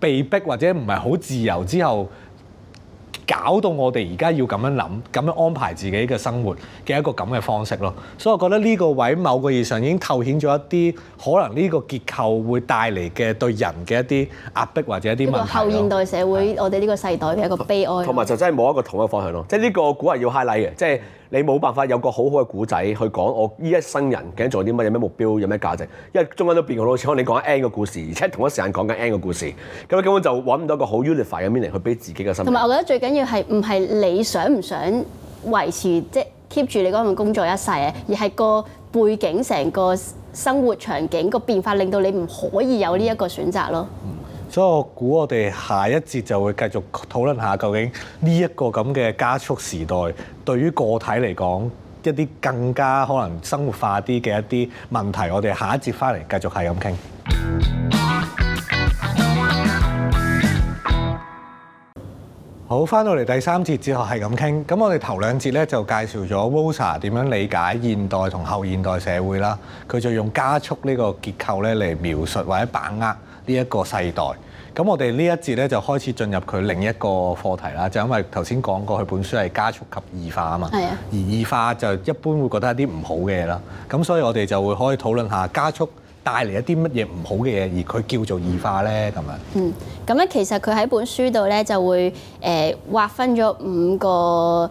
被逼或者唔係好自由之後，搞到我哋而家要咁樣諗、咁樣安排自己嘅生活嘅一個咁嘅方式咯。所以我覺得呢個位某個意義上已經透顯咗一啲可能呢個結構會帶嚟嘅對人嘅一啲壓迫或者一啲問題。後現代社會，我哋呢個世代嘅一個悲哀。同埋就真係冇一個統一方向咯。即係呢個估係要 highlight 嘅，即係。你冇辦法有個好好嘅故仔去講我呢一生人究竟做啲乜，有咩目標，有咩價值，因為中間都變好多次。好似你講緊 N 個故事，而且同一時間講緊 N 個故事，咁啊根本就揾唔到一個好 unify 嘅 meaning 去俾自己嘅生活。同埋我覺得最緊要係唔係你想唔想維持即係 keep 住你嗰份工作一世，而係個背景成個生活場景個變化令到你唔可以有呢一個選擇咯。所以我估我哋下一節就會繼續討論下，究竟呢一個咁嘅加速時代對於個體嚟講，一啲更加可能生活化啲嘅一啲問題，我哋下一節翻嚟繼續係咁傾。好，翻到嚟第三節之後係咁傾。咁我哋頭兩節咧就介紹咗 Rosa 點樣理解現代同後現代社會啦。佢就用加速呢個結構咧嚟描述或者把握。呢一個世代，咁我哋呢一節咧就開始進入佢另一個課題啦，就因為頭先講過佢本書係加速及異化啊嘛，係啊。而異化就一般會覺得一啲唔好嘅嘢啦，咁所以我哋就會可以討論下加速帶嚟一啲乜嘢唔好嘅嘢，而佢叫做異化咧咁樣啊。嗯，咁咧其實佢喺本書度咧就會誒劃分咗五個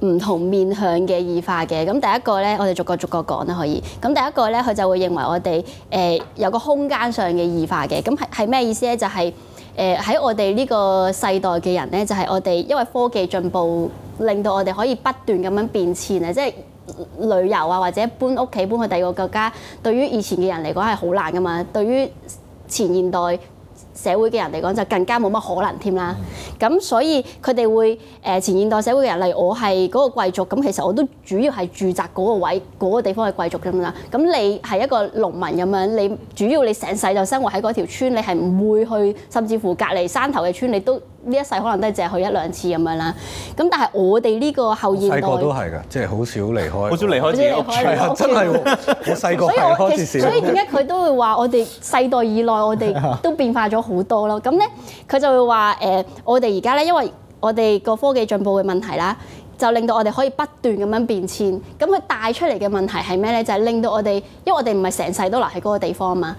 唔同面向嘅異化嘅，咁第一個呢，我哋逐個逐個講啦可以，咁第一個呢，佢就會認為我哋誒、呃、有個空間上嘅異化嘅，咁係係咩意思呢？就係誒喺我哋呢個世代嘅人呢，就係、是、我哋因為科技進步，令到我哋可以不斷咁樣變遷啊，即、就、係、是、旅遊啊，或者搬屋企搬去第二個國家，對於以前嘅人嚟講係好難噶嘛，對於前現代。社會嘅人嚟講就更加冇乜可能添啦，咁所以佢哋會誒、呃、前現代社會嘅人，例如我係嗰個貴族，咁其實我都主要係住宅嗰個位嗰、那個地方嘅貴族㗎啦。咁你係一個農民咁樣，你主要你成世就生活喺嗰條村，你係唔會去，甚至乎隔離山頭嘅村，你都。呢一世可能都係淨係去一兩次咁樣啦。咁但係我哋呢個後現代，細個都係㗎，即係好少離開，好少離開自己。真係我細個離開少少。所以點解佢都會話我哋世代以來我哋都變化咗好多咯。咁咧佢就會話誒、呃，我哋而家咧，因為我哋個科技進步嘅問題啦，就令到我哋可以不斷咁樣變遷。咁佢帶出嚟嘅問題係咩咧？就係、是、令到我哋，因為我哋唔係成世都留喺嗰個地方啊嘛，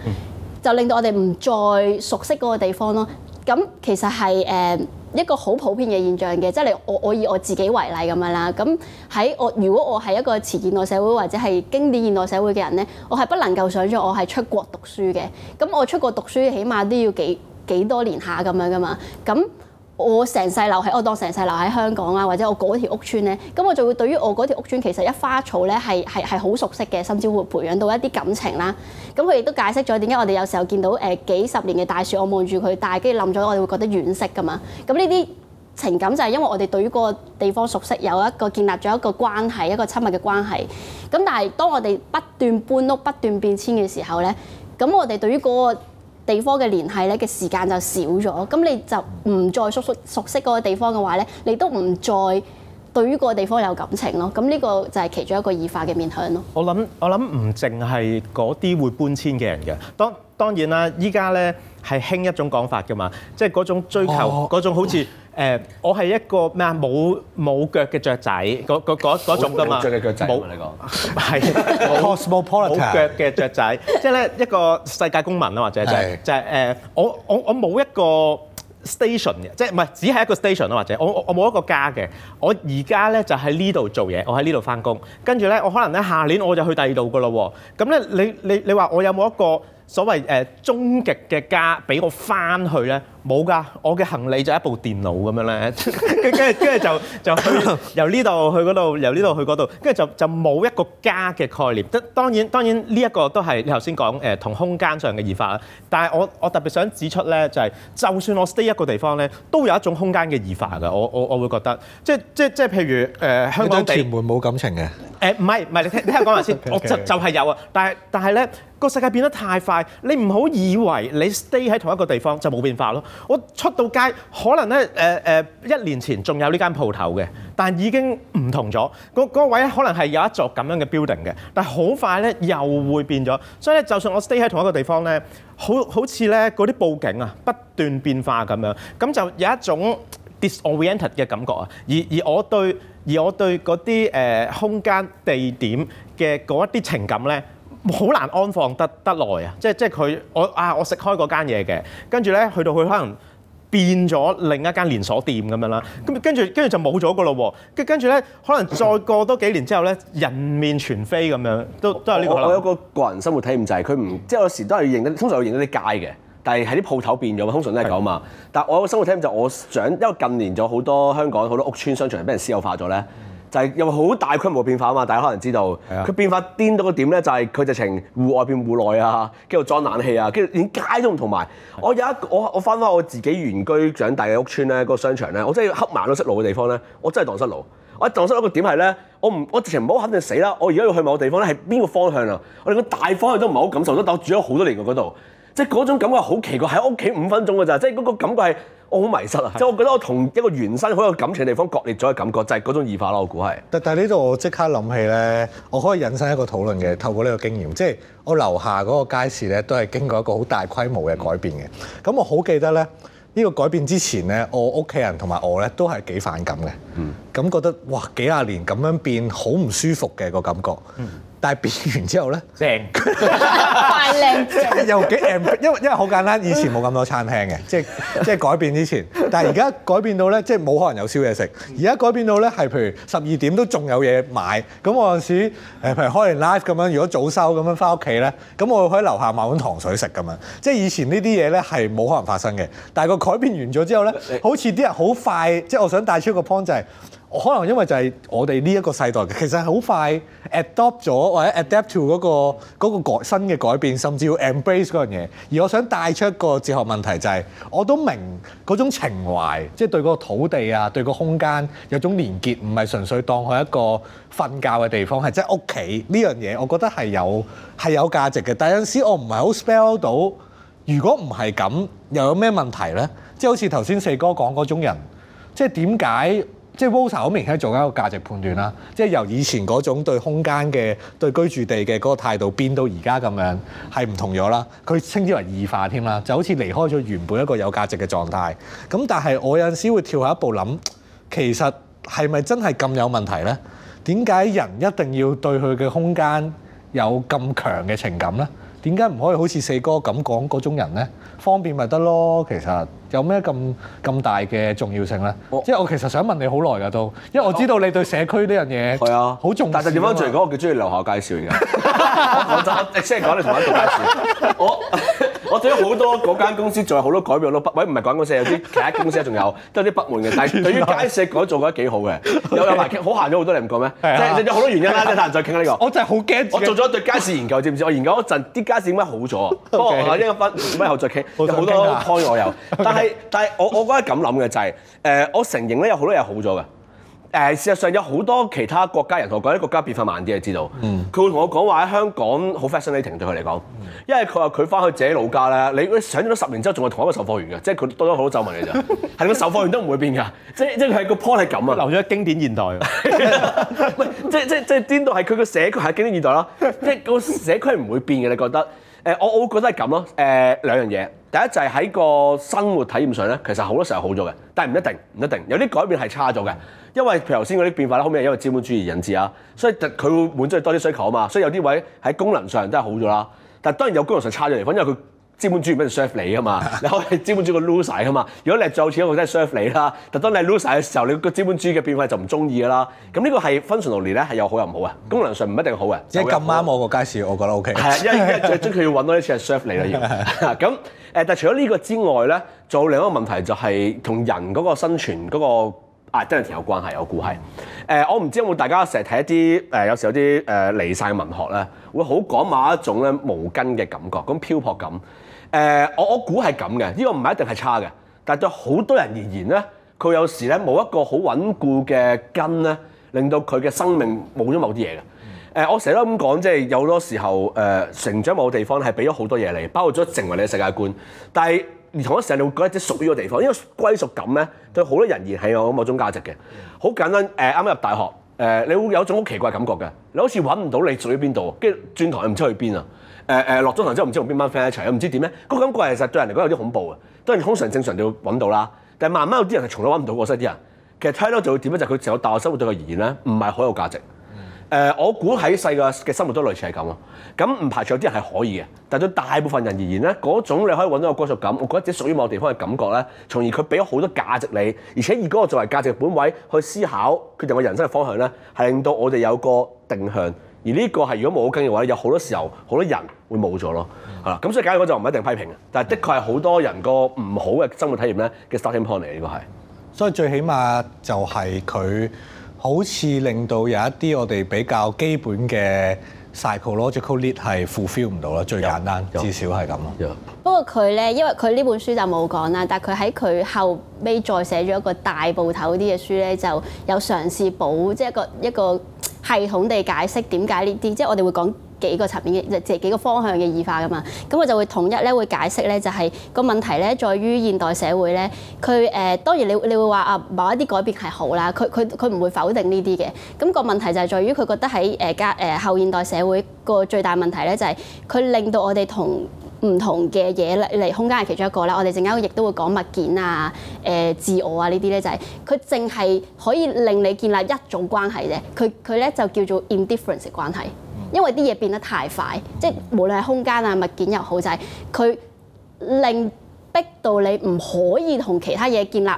就令到我哋唔再熟悉嗰個地方咯。咁其實係誒一個好普遍嘅現象嘅，即係我我以我自己為例咁樣啦。咁喺我如果我係一個前現代社會或者係經典現代社會嘅人咧，我係不能夠想象我係出國讀書嘅。咁我出國讀書，起碼都要幾幾多年下咁樣噶嘛。咁我成世留喺我當成世留喺香港啊，或者我嗰條屋邨咧，咁我就會對於我嗰條屋邨其實一花草咧係係係好熟悉嘅，甚至會培養到一啲感情啦。咁佢亦都解釋咗點解我哋有時候見到誒幾十年嘅大樹，我望住佢，但係跟住冧咗，我哋會覺得惋惜噶嘛。咁呢啲情感就係因為我哋對於個地方熟悉，有一個建立咗一個關係，一個親密嘅關係。咁但係當我哋不斷搬屋、不斷變遷嘅時候咧，咁我哋對於個地方嘅聯繫咧嘅時間就少咗，咁你就唔再熟熟熟悉嗰個地方嘅話咧，你都唔再對於嗰個地方有感情咯。咁呢個就係其中一個異化嘅面向咯。我諗我諗唔淨係嗰啲會搬遷嘅人嘅，當當然啦，依家咧係興一種講法㗎嘛，即係嗰種追求嗰、oh. 種好似。Oh. 誒，我係一個咩啊？冇冇腳嘅雀仔，嗰嗰嗰嗰種噶嘛。冇腳嘅雀仔嘛？你講係。Cosmopolitan，冇腳嘅雀仔，即係咧一個世界公民啦，或者就係就係誒，我我我冇一個 station 嘅，即係唔係只係一個 station 啦，或者我我我冇一個家嘅。我而家咧就喺呢度做嘢，我喺呢度返工，跟住咧我可能咧下年我就去第二度噶啦。咁咧你你你話我有冇一個所謂誒終極嘅家俾我返去咧？冇㗎，我嘅行李就一部電腦咁樣咧，跟住跟住就就由呢度去嗰度，由呢度去嗰度，跟住就就冇一個家嘅概念。即當然當然呢一個都係你頭先講誒同空間上嘅異化啦。但係我我特別想指出咧，就係就算我 stay 一個地方咧，都有一種空間嘅異化㗎。我我我會覺得，即即即譬如誒香港地，全盤冇感情嘅。誒唔係唔係，你聽聽我講下先，我就就係有啊。但係但係咧個世界變得太快，你唔好以為你 stay 喺同一個地方就冇變化咯。我出到街，可能咧誒誒一年前仲有呢間鋪頭嘅，但已經唔同咗。嗰嗰位咧可能係有一座咁樣嘅 building 嘅，但係好快咧又會變咗。所以咧，就算我 stay 喺同一個地方咧，好好似咧嗰啲佈景啊不斷變化咁樣，咁就有一種 disoriented 嘅感覺啊。而而我對而我對嗰啲誒空間地點嘅嗰一啲情感咧，好難安放得得耐啊！即即係佢我啊我食開嗰間嘢嘅，跟住咧去到佢可能變咗另一間連鎖店咁樣啦。咁跟住跟住就冇咗個咯喎。跟跟住咧，可能再過多幾年之後咧，人面全非咁樣，都都係呢個我，我有個個人生活體驗就係佢唔即係有時都係認得，通常會認得啲街嘅。但係喺啲鋪頭變咗，通常都係咁嘛。係呀。但係我有個生活體驗就係，我想，因為近年咗好多香港好多屋邨商場係俾人私有化咗咧。就係有好大規模變化啊嘛！大家可能知道，佢的變化顛到個點呢，就係佢直情戶外變戶內啊，跟住裝冷氣啊，跟住連街都唔同埋。的我有一我我翻返我自己原居長大嘅屋邨呢，個商場呢，我真係黑埋都識路嘅地方呢，我真係蕩失路。我蕩失路個點係呢？我唔我直情唔好肯定死啦。我而家要去某個地方呢，係邊個方向啊？我連個大方向都唔係好感受得到，但我住咗好多年嘅嗰度。即係嗰種感覺好奇怪，喺屋企五分鐘嘅咋，即係嗰個感覺係我好迷失啊！是的 即係我覺得我同一個原生好有感情嘅地方割裂咗嘅感覺，就係嗰種異化咯，我估係。但但呢度我即刻諗起咧，我可以引申一個討論嘅，嗯、透過呢個經驗，即係我樓下嗰個街市咧，都係經過一個好大規模嘅改變嘅。咁、嗯、我好記得咧，呢、呢個改變之前咧，我屋企人同埋我咧都係幾反感嘅，咁、嗯、覺得哇幾廿年咁樣變好唔舒服嘅、嗰個感覺。嗯但係變完之後咧正，正快靚，又幾誒？因為因為好簡單，以前冇咁多餐廳嘅，即即改變之前。但係而家改變到咧，即係冇可能有宵夜食。而家改變到咧係，譬如十二點都仲有嘢買。咁我有時誒，譬如開完 live 咁樣，如果早收咁樣翻屋企咧，咁我會喺樓下買碗糖水食咁樣。即係以前呢啲嘢咧係冇可能發生嘅。但係個改變完咗之後咧，好似啲人好快，即係我想帶出個 point 就係、是。可能因為就係我哋呢一個世代嘅，其實好快 adopt 咗或者 adapt to 嗰、嗰個改、嗰個、新嘅改變，甚至要 embrace 嗰樣嘢。而我想帶出一個哲學問題，就係，就係我都明嗰種情懷，即係對嗰個土地啊，對個空間有種連結，唔係純粹當佢一個瞓覺嘅地方，係即係屋企呢樣嘢。這個、我覺得係有係有價值嘅，但係有陣時我唔係好 spell 到，如果唔係咁又有咩問題呢？即係好似頭先四哥講嗰種人，即係點解？即係 Rosa 好明顯做緊一個價值判斷啦，即係由以前嗰種對空間嘅、對居住地嘅嗰個態度變到而家咁樣，係唔同咗啦。佢稱之為異化添啦，就好似離開咗原本一個有價值嘅狀態。咁但係我有陣時會跳下一步諗，其實係咪真係咁有問題呢？點解人一定要對佢嘅空間有咁強嘅情感呢？點解唔可以好似四哥咁講嗰種人呢？方便咪得咯，其實有咩咁咁大嘅重要性咧？ 即係我其實想問你好耐噶都，因為我知道你對社區呢樣嘢係啊好重， 但係點樣嚟講？ 我叫鍾意留下介紹嘅。我廣州， 即係講你同一個介紹。 我。我對咗好多嗰間，間公司，仲有好多改變咯。北。喂，唔係講公司，有啲其他公司仲有都有啲不滿嘅。但係對於街市改做覺得幾好嘅，Okay. 有有埋傾，好行咗好多你唔覺咩？即係 Okay. 有好多原因啦，即係大家再傾呢、呢個。我真係好驚，我做咗對街市研究，知唔知？我研究嗰陣啲街市點解好咗啊？Okay. 不過阿英一芬，唔好後再傾，好多開我有。Okay. 但係但係我我覺得咁諗嘅就係誒，我承認咧有多好多嘢好咗嘅。誒，事實上有好多其他國家人同我講，啲國家變化慢啲啊，知道？嗯。佢會同我講話喺香港好 fascinating 對佢嚟講，因為佢話佢翻去自己老家咧，你上咗十年之後仲係同一個售貨員嘅，即係佢多咗好多皺紋嚟啫。係個售貨員都唔會變㗎，即係即係佢個 point 係咁啊！留住啲經典現代，即係即即即邊度係佢個社區係經典現代咯？即係個社區係唔會變嘅，你覺得？誒，我我會覺得係咁咯。誒，兩樣嘢，第一就係喺個生活體驗上咧，其實好多時候好咗嘅，但係唔一定，唔一定，有啲改變係差咗嘅。因為譬如頭先嗰啲變化咧，後面係因為資本主義引致啊，所以佢會滿足你多啲需求啊嘛，所以有啲位喺功能上真係好咗啦。但係當然有功能上差咗嚟，因為佢資本主義咩就 serve 你啊嘛，你可以資本主義個 loser 啊嘛。如果你再有錢，我真係 serve 你啦。但係當你 loser 嘅時候，你個資本主義嘅變化就唔中意啦。咁呢個係 functional 咧係有好又唔好啊，功能上唔一定好嘅。即係咁啱我個街市，我覺得 OK。係啊，因為佢要揾我一次係 serve 你啦。而係咁誒，但係除咗呢個之外咧，仲有另一個問題就係同人嗰個生存嗰個。啊，真係有關係，我估係。誒、呃，我唔知有冇大家成日睇一啲誒、呃，有時有啲誒、呃、離曬文學咧，會好講某一種咧無根嘅感覺，咁漂泊感。誒、呃，我我估係咁嘅，呢、這個唔係一定係差嘅，但對好多人而言咧，佢有時咧冇一個好穩固嘅根咧，令到佢嘅生命冇咗某啲嘢嘅。誒、呃，我成日都咁講，即係有好多時候誒、呃，成長某個地方係俾咗好多嘢你，包括咗成為你嘅世界觀，但係。而同一時你會覺得即係屬於個地方，因為歸屬感咧對好多人而言係有某種價值嘅。好簡單，誒啱啱入大學，誒、呃、你會有一種好奇怪感覺嘅，你好似揾唔到你屬於邊度，跟住轉台又唔知去邊啊，誒誒落咗堂之後唔知同邊班 friend 一齊啊，唔知點咧，個感覺其實對人嚟講有啲恐怖啊。當然，通常正常就會揾到啦，但係慢慢有啲人係從來揾唔到嘅，即啲人其實睇到就會點咧，就佢、是、成個大學生活對佢而言咧唔係好有價值。誒、呃，我估喺細個嘅生活都類似係咁咯。咁唔排除有啲人係可以嘅，但對大部分人而言咧，嗰種你可以揾到個歸屬感，我覺得即係屬於某地方嘅感覺咧，從而佢俾咗好多價值你，而且如果我作為價值本位去思考佢哋嘅人生嘅方向咧，係令到我哋有個定向。而呢個係如果冇好根嘅話咧，有好多時候好多人會冇咗咯。係啦，咁所以講起我就唔一定批評，但係的確係好多人個唔好嘅生活體驗咧嘅 starting point 嚟、嗯，呢個係。所以最起碼就係佢。好似令到有一啲我哋比較基本嘅 psychological need 係 fulfill 唔到咯，最簡單，Yes. 至少係咁。Yes. 不過佢咧，因為佢呢本書就冇講啦，但係佢喺佢後尾再寫咗一個大部頭啲嘅書咧，就有嘗試補，即係一個一個系統地解釋點解呢啲，即係我哋會講。幾個層面嘅即係幾個方向嘅異化噶嘛，咁我就會統一咧，會解釋咧，就係、是、個問題咧，在於現代社會咧，佢誒、呃、當然你你會話啊某一啲改變係好啦，佢佢佢唔會否定呢啲嘅。咁、那個問題就係在於佢覺得喺誒加誒後現代社會個最大問題咧，就係、是、佢令到我哋同唔同嘅嘢嚟空間係其中一個啦。我哋陣間亦都會講物件啊、誒、呃、自我啊呢啲咧，就係佢淨係可以令你建立一種關係嘅。佢佢咧就叫做 indifference 關係。因為啲嘢變得太快，即係無論係空間啊、物件又好仔，佢、就係、令逼到你唔可以同其他嘢建立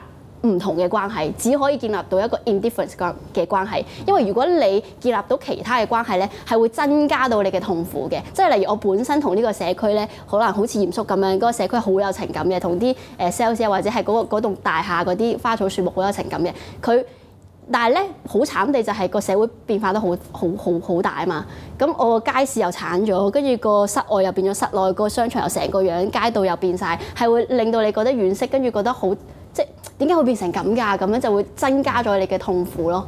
唔同嘅關係，只可以建立到一個 indifference 關嘅關係。因為如果你建立到其他嘅關係咧，係會增加到你嘅痛苦嘅。即係例如我本身同呢個社區咧，可能好似嚴肅咁樣，嗰、嗰個社區好有情感嘅，同啲誒 sales 啊或者係嗰個嗰棟大廈嗰啲花草樹木好有情感嘅，佢。但係咧，好慘地就係個社會變化得好好好好大啊嘛！咁我個街市又鏟咗，跟住個室外又變咗室內，個商場又成個樣，街道又變晒，係會令到你覺得惋惜，跟住覺得好即係點解會變成咁㗎？咁樣就會增加咗你嘅痛苦咯。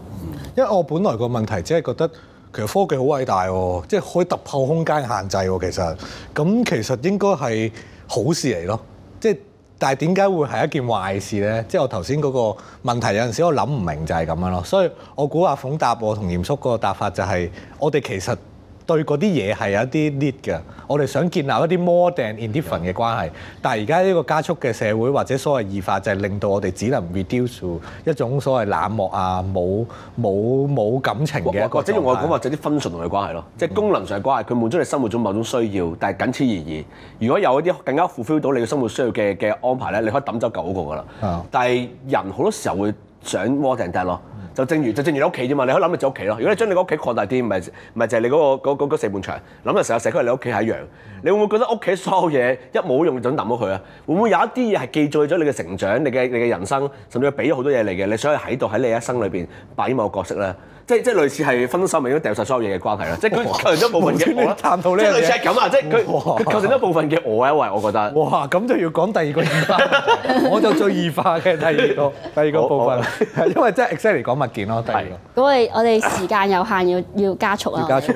因為我本來個問題只係覺得其實科技好偉大喎，即係可以突破空間限制喎，其實咁其實應該係好事嚟咯，即係。但係點解會係一件壞事咧？即係我頭先嗰個問題，有陣時我諗唔明就係咁樣咯。所以我估阿鳳答我同嚴叔嗰個答法就係，我哋其實。對嗰啲嘢係有一啲 need 嘅，我哋想建立一啲 more than indifferent 嘅關係，但係而家呢個加速嘅社會或者所謂異化就係、是、令到我哋只能 reduce to 一種所謂冷漠啊，冇冇冇感情嘅一個關係。或者用我講話就係、是、啲 functional 嘅關係咯，即係功能上嘅關係，佢滿足你生活中某種需要，但係僅此而已。如果有一啲更加 fulfill 到你嘅生活需要嘅嘅安排咧，你可以抌走舊嗰個㗎啦。但係人好多時候會想 more than that 咯。就正如就正如你屋企啫嘛，你可以諗就係屋企咯。如果你將你屋企擴大啲，唔係唔係就係你嗰個四面牆，諗就成個社區你屋企係一樣。你會唔會覺得屋企所有嘢一冇用就抌咗佢啊？會唔會有一啲嘢係記載咗你嘅成長、你嘅你嘅人生，甚至係俾咗好多嘢嚟嘅？你想喺度喺你一生裏邊扮演某個角色咧？即係即係類似係分手咪已掉曬所有嘢嘅關係啦，即係佢構成一部分嘅，即係類即係咁啊，即係佢構成一部分嘅我一位，我覺得哇，咁就要講第二個異化，我就最異化嘅第二個第二個部分，因為即係 exactly 講物件咯，第二個。咁我哋我哋時間有限，要要加速啊！加速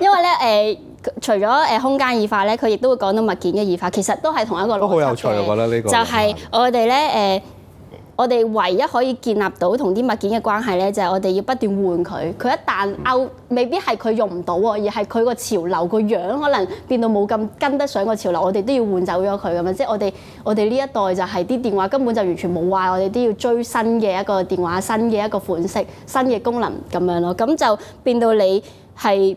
因為咧誒，除咗誒空間異化咧，佢亦都會講到物件嘅異化，其實都係同一個都好有趣，我覺得呢個就係我哋咧誒。我哋唯一可以建立到同啲物件嘅關係咧，就係我哋要不斷換佢。佢一旦 out，未必係佢用唔到，而係佢個潮流個樣可能變到冇咁跟得上個潮流，我哋都要換走咗佢。咁樣即係我哋，我哋呢一代就係啲電話根本就完全冇壞，我哋都要追新嘅一個電話，新嘅一個款式，新嘅功能咁樣咯。咁就變到你係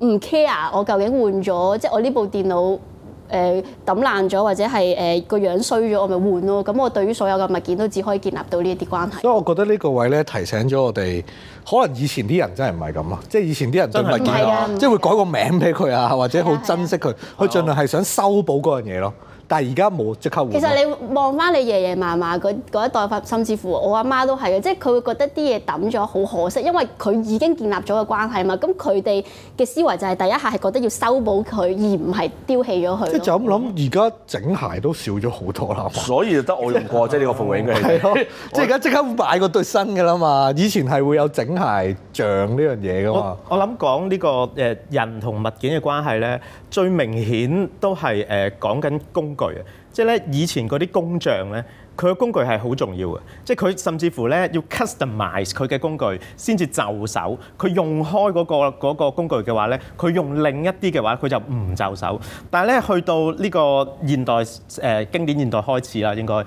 唔 care 我究竟換咗，即係我呢部電腦。誒抌、呃、爛咗或者係誒個樣衰咗，我咪換咯。咁、嗯、我對於所有嘅物件都只可以建立到呢一啲關係。所以我覺得呢個位咧提醒咗我哋，可能以前啲人真係唔係咁啊，即係以前啲人對物件，啊啊、即係會改個名俾佢啊，或者好珍惜佢，佢、啊啊、盡量係想修補嗰樣嘢咯。但係而家冇即刻溝通。其實你望翻你爺爺嫲嫲嗰嗰一代，甚至乎我阿媽都係嘅，即係佢會覺得啲嘢抌咗好可惜，因為佢已經建立咗個關係嘛。咁佢哋嘅思維就係第一下係覺得要修補佢，而唔係丟棄咗佢。即係就咁諗，而家整鞋都少咗好多啦。所以就得我用過即係呢個服務應該係。係咯，即係而家即刻買個對新㗎啦嘛。以前係會有整鞋像呢樣嘢㗎嘛。我諗講呢個誒人同物件嘅關係咧，最明顯都係誒講緊工具。即係咧，以前嗰啲工匠咧，佢嘅工具係好重要嘅。即係佢甚至乎咧要 customise 佢嘅工具先至就手。佢用開嗰個、嗰個工具嘅話咧，佢用另一啲嘅話，佢就唔就手。但係咧，去到呢個現代誒、呃、經典現代開始啦，應該。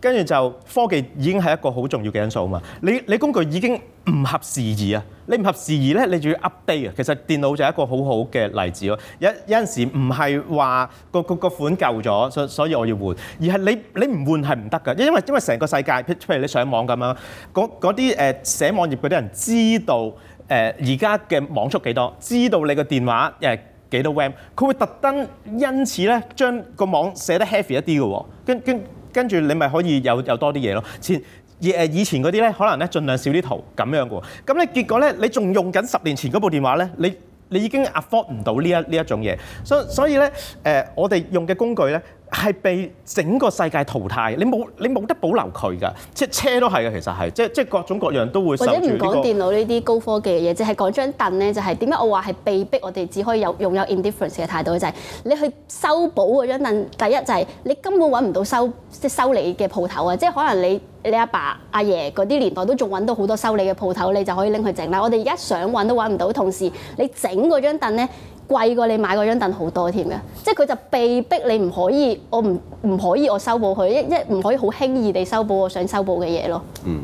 跟住就科技已經係一個好重要嘅因素啊嘛！你你工具已經唔合時宜啊！你唔合時宜咧，你仲要 update 啊！其實電腦就係一個好好嘅例子咯。有有陣時唔係話個個個款舊咗，所所以我要換，而係你你唔換係唔得噶，因為因為成個世界，譬如你上網咁樣，嗰嗰啲誒寫網頁嗰啲人知道誒而家嘅網速幾多，知道你個電話誒幾多 RAM，佢會特登因此咧將個網寫得 heavy 一啲嘅喎，跟跟。跟住你咪可以有有多啲嘢咯，前以誒以前嗰啲咧，可能咧盡量少啲圖咁樣嘅喎，咁咧結果咧你仲用緊十年前嗰部電話咧，你你已經 afford 唔到呢一呢一種嘢，所所以咧誒、呃，我哋用嘅工具咧。係被整個世界淘汰，你冇你冇得保留佢㗎，即係車都係嘅，其實係即即各種各樣都會受住呢個、或者唔講電腦呢啲高科技嘅嘢，即係講張凳咧，就係點解我話係被逼我哋只可以有擁有 indifference 嘅態度，就係，就係你去修補嗰張凳，第一就係、係、你根本揾唔到修即修理嘅鋪頭啊！即係可能你你阿爸阿爺嗰啲年代都仲揾到好多修理嘅鋪頭，你就可以拎去整啦。但我哋而家想揾都揾唔到，同時你整嗰張凳咧，貴過你買嗰張凳好多添㗎，即係佢就被逼你唔可以，我唔唔可以我修補佢，一一唔可以好輕易地修補我想修補嘅嘢咯。嗯，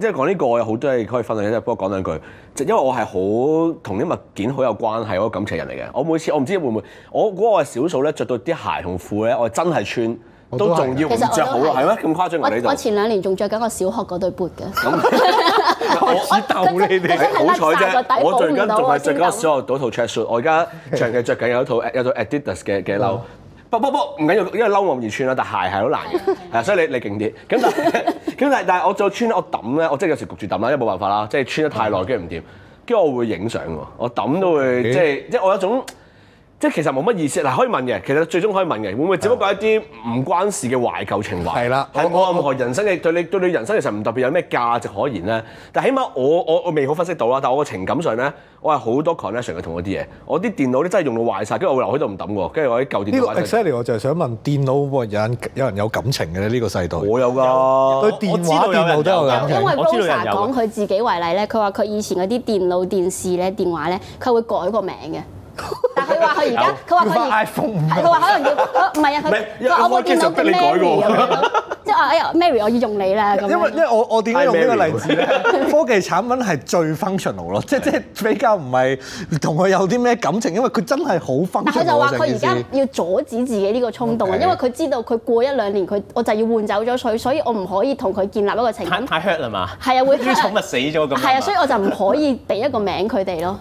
即係講呢個，我有好多嘢可以分享，不過講兩句。因為我係好同啲物件好有關係，我個感情人嚟嘅。我每次我唔知會唔會，我估我係少數咧着到啲鞋同褲咧，我真係穿都仲要着好㗎，係咩？咁誇張我，我前兩年仲着緊我小學嗰對 boot 嘅。 我逗你哋，啊、你好彩啫！我最近仲係着緊小學到套 chess shoe 扔我而家長期着緊有一套 有一套 Adidas 嘅嘅褸。不不不，唔緊要，因為褸我唔易穿啦，但鞋係好難嘅，係啊， 所以你你勁啲。咁就咁但 但係我做穿我揼咧，我即係有時焗住揼啦，因為冇辦法啦，即係穿得太耐跟住唔掂，跟住 我會影相喎，我揼都會、 就是、即係即係我有一種。即係其實冇乜意思嗱，可以問嘅，其實最終可以問嘅，會唔會只不過一啲唔關事嘅懷舊情懷？係啦，係我任何人生嘅對你對你人生其實唔特別有咩價值可言咧。但起碼我我我未好分析到啦。但係我個情感上咧，我係好多 connection 嘅同嗰啲嘢。我啲電腦咧真係用到壞晒，跟住我會留喺度唔抌喎，跟住我喺舊電腦。呢個我就係想問電腦會有人有人，有人有感情嘅呢、這個世道？我有㗎，有對電話、電腦都有感情。我知有人講佢自己為例咧，佢話佢以前嗰啲電腦、電視咧、電話咧，佢會改個名嘅。 佢話佢而家，佢話佢要，佢話可能要，唔係啊，佢我我見到 Mary 咁樣，即係哎呀 Mary，我要用你啦。因為因為我我點解用呢個例子咧？科技產品係最 functional 咯，即即比較唔係同佢有啲咩感情，因為佢真係好 functional。但佢就話佢而家要阻止自己呢個衝動啊，因為佢知道佢過一兩年佢我就要換走咗佢，所以我唔可以同佢建立一個情感。太 hurt 啦嘛？係啊，會啲寵物死咗咁。係啊，所以我就唔可以俾一個名佢哋咯。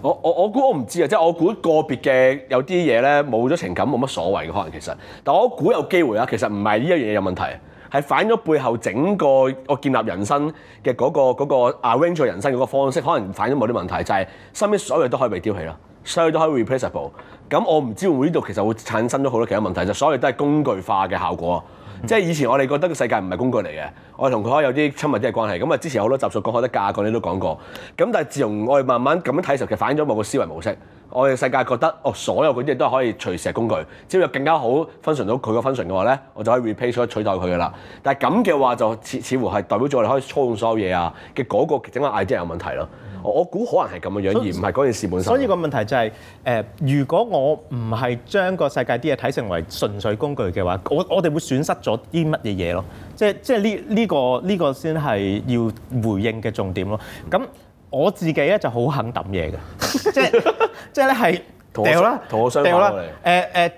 我我我估我唔知啊，即係我估個別嘅有啲嘢咧，冇咗情感，冇乜所謂嘅，可能其實，但我估有機會啊。其實唔係呢一樣嘢有問題，係反映咗背後整個我建立人生嘅嗰、嗰個嗰、嗰個、嗰個、arrange 人生嗰個方式，可能反映咗某啲問題，就係、係、身邊所有嘢都可以被丟棄啦，所有都可以 replaceable。咁我唔知會唔會呢度其實會產生咗好多其他問題，就所有嘢都係工具化嘅效果。嗯、即係以前我哋覺得個世界唔係工具嚟嘅，我哋同佢可以有啲親密啲嘅關係。咁、嗯、啊，之前好多習俗，講開啲價講，你都講過。咁但係自從我哋慢慢咁樣睇時，其實反映咗某個思維模式。我哋世界覺得哦，所有嗰啲嘢都可以隨時工具，只要更加好 function 到佢個 function 嘅話咧，我就可以 replace 取代佢噶啦。但係咁嘅話就似似乎係代表咗我哋可以操控所有嘢啊嘅嗰個整個 idea 有問題咯。我我估可能係咁嘅樣，而唔係嗰件事本身。所以個問題就係，誒，如果我唔係將個世界啲嘢睇成為純粹工具嘅話，我我哋會損失咗啲乜嘢嘢咯？即即係呢呢個呢個先係要回應嘅重點咯。咁我自己咧就好肯抌嘢嘅，即即咧係掉啦，同我相反嚟。誒誒，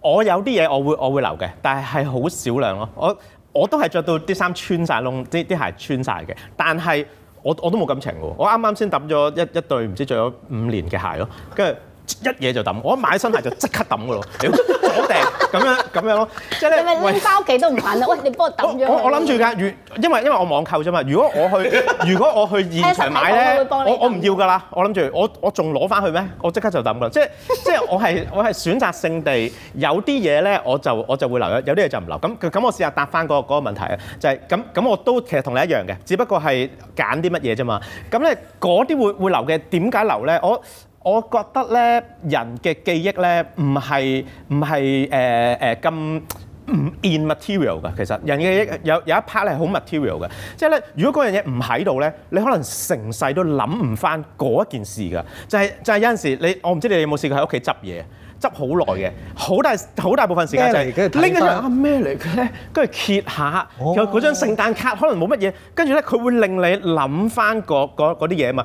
我有啲嘢我會我會留嘅，但係係好少量咯。我我都係著到啲衫穿曬窿，啲啲鞋穿曬嘅，但係。我我都冇感情嘅，我啱啱先抌咗一一對唔知着咗五年嘅鞋咯，跟住。 一嘢就抌，我一買新鞋就即刻抌噶咯，左掟咁樣咁樣咯，即係咧，翻屋企都唔煩啦。喂，你幫我抌咗我我諗住㗎，越因為因為我網購啫嘛。如果我去如果我去現場買咧，我我唔要㗎啦。我諗住我我仲攞翻去咩？我即刻就抌噶啦。即係即係我係我係選擇性地有啲嘢咧，我就我就會留，有啲嘢就唔留。咁咁我試下答翻嗰嗰個問題啊，就係咁咁我都其實同你一樣嘅，只不過係揀啲乜嘢啫嘛。咁咧嗰啲會會留嘅點解留咧？我我覺得咧，人嘅記憶咧，唔係唔係誒誒咁唔 in material 㗎。其實人嘅記憶有有一 part 咧係好 material 㗎。即係咧，如果嗰樣嘢唔喺度咧，你可能成世都諗唔翻嗰一件事㗎。就係、是、就係、是、有陣時你，我唔知你哋有冇試過喺屋企執嘢？執好耐嘅，好大好大部分時間咩？就係拎起嚟啊咩嚟嘅，跟住揭下，oh. 有嗰張聖誕卡可能冇乜嘢，跟住咧佢會令你諗翻嗰啲嘢啊嘛，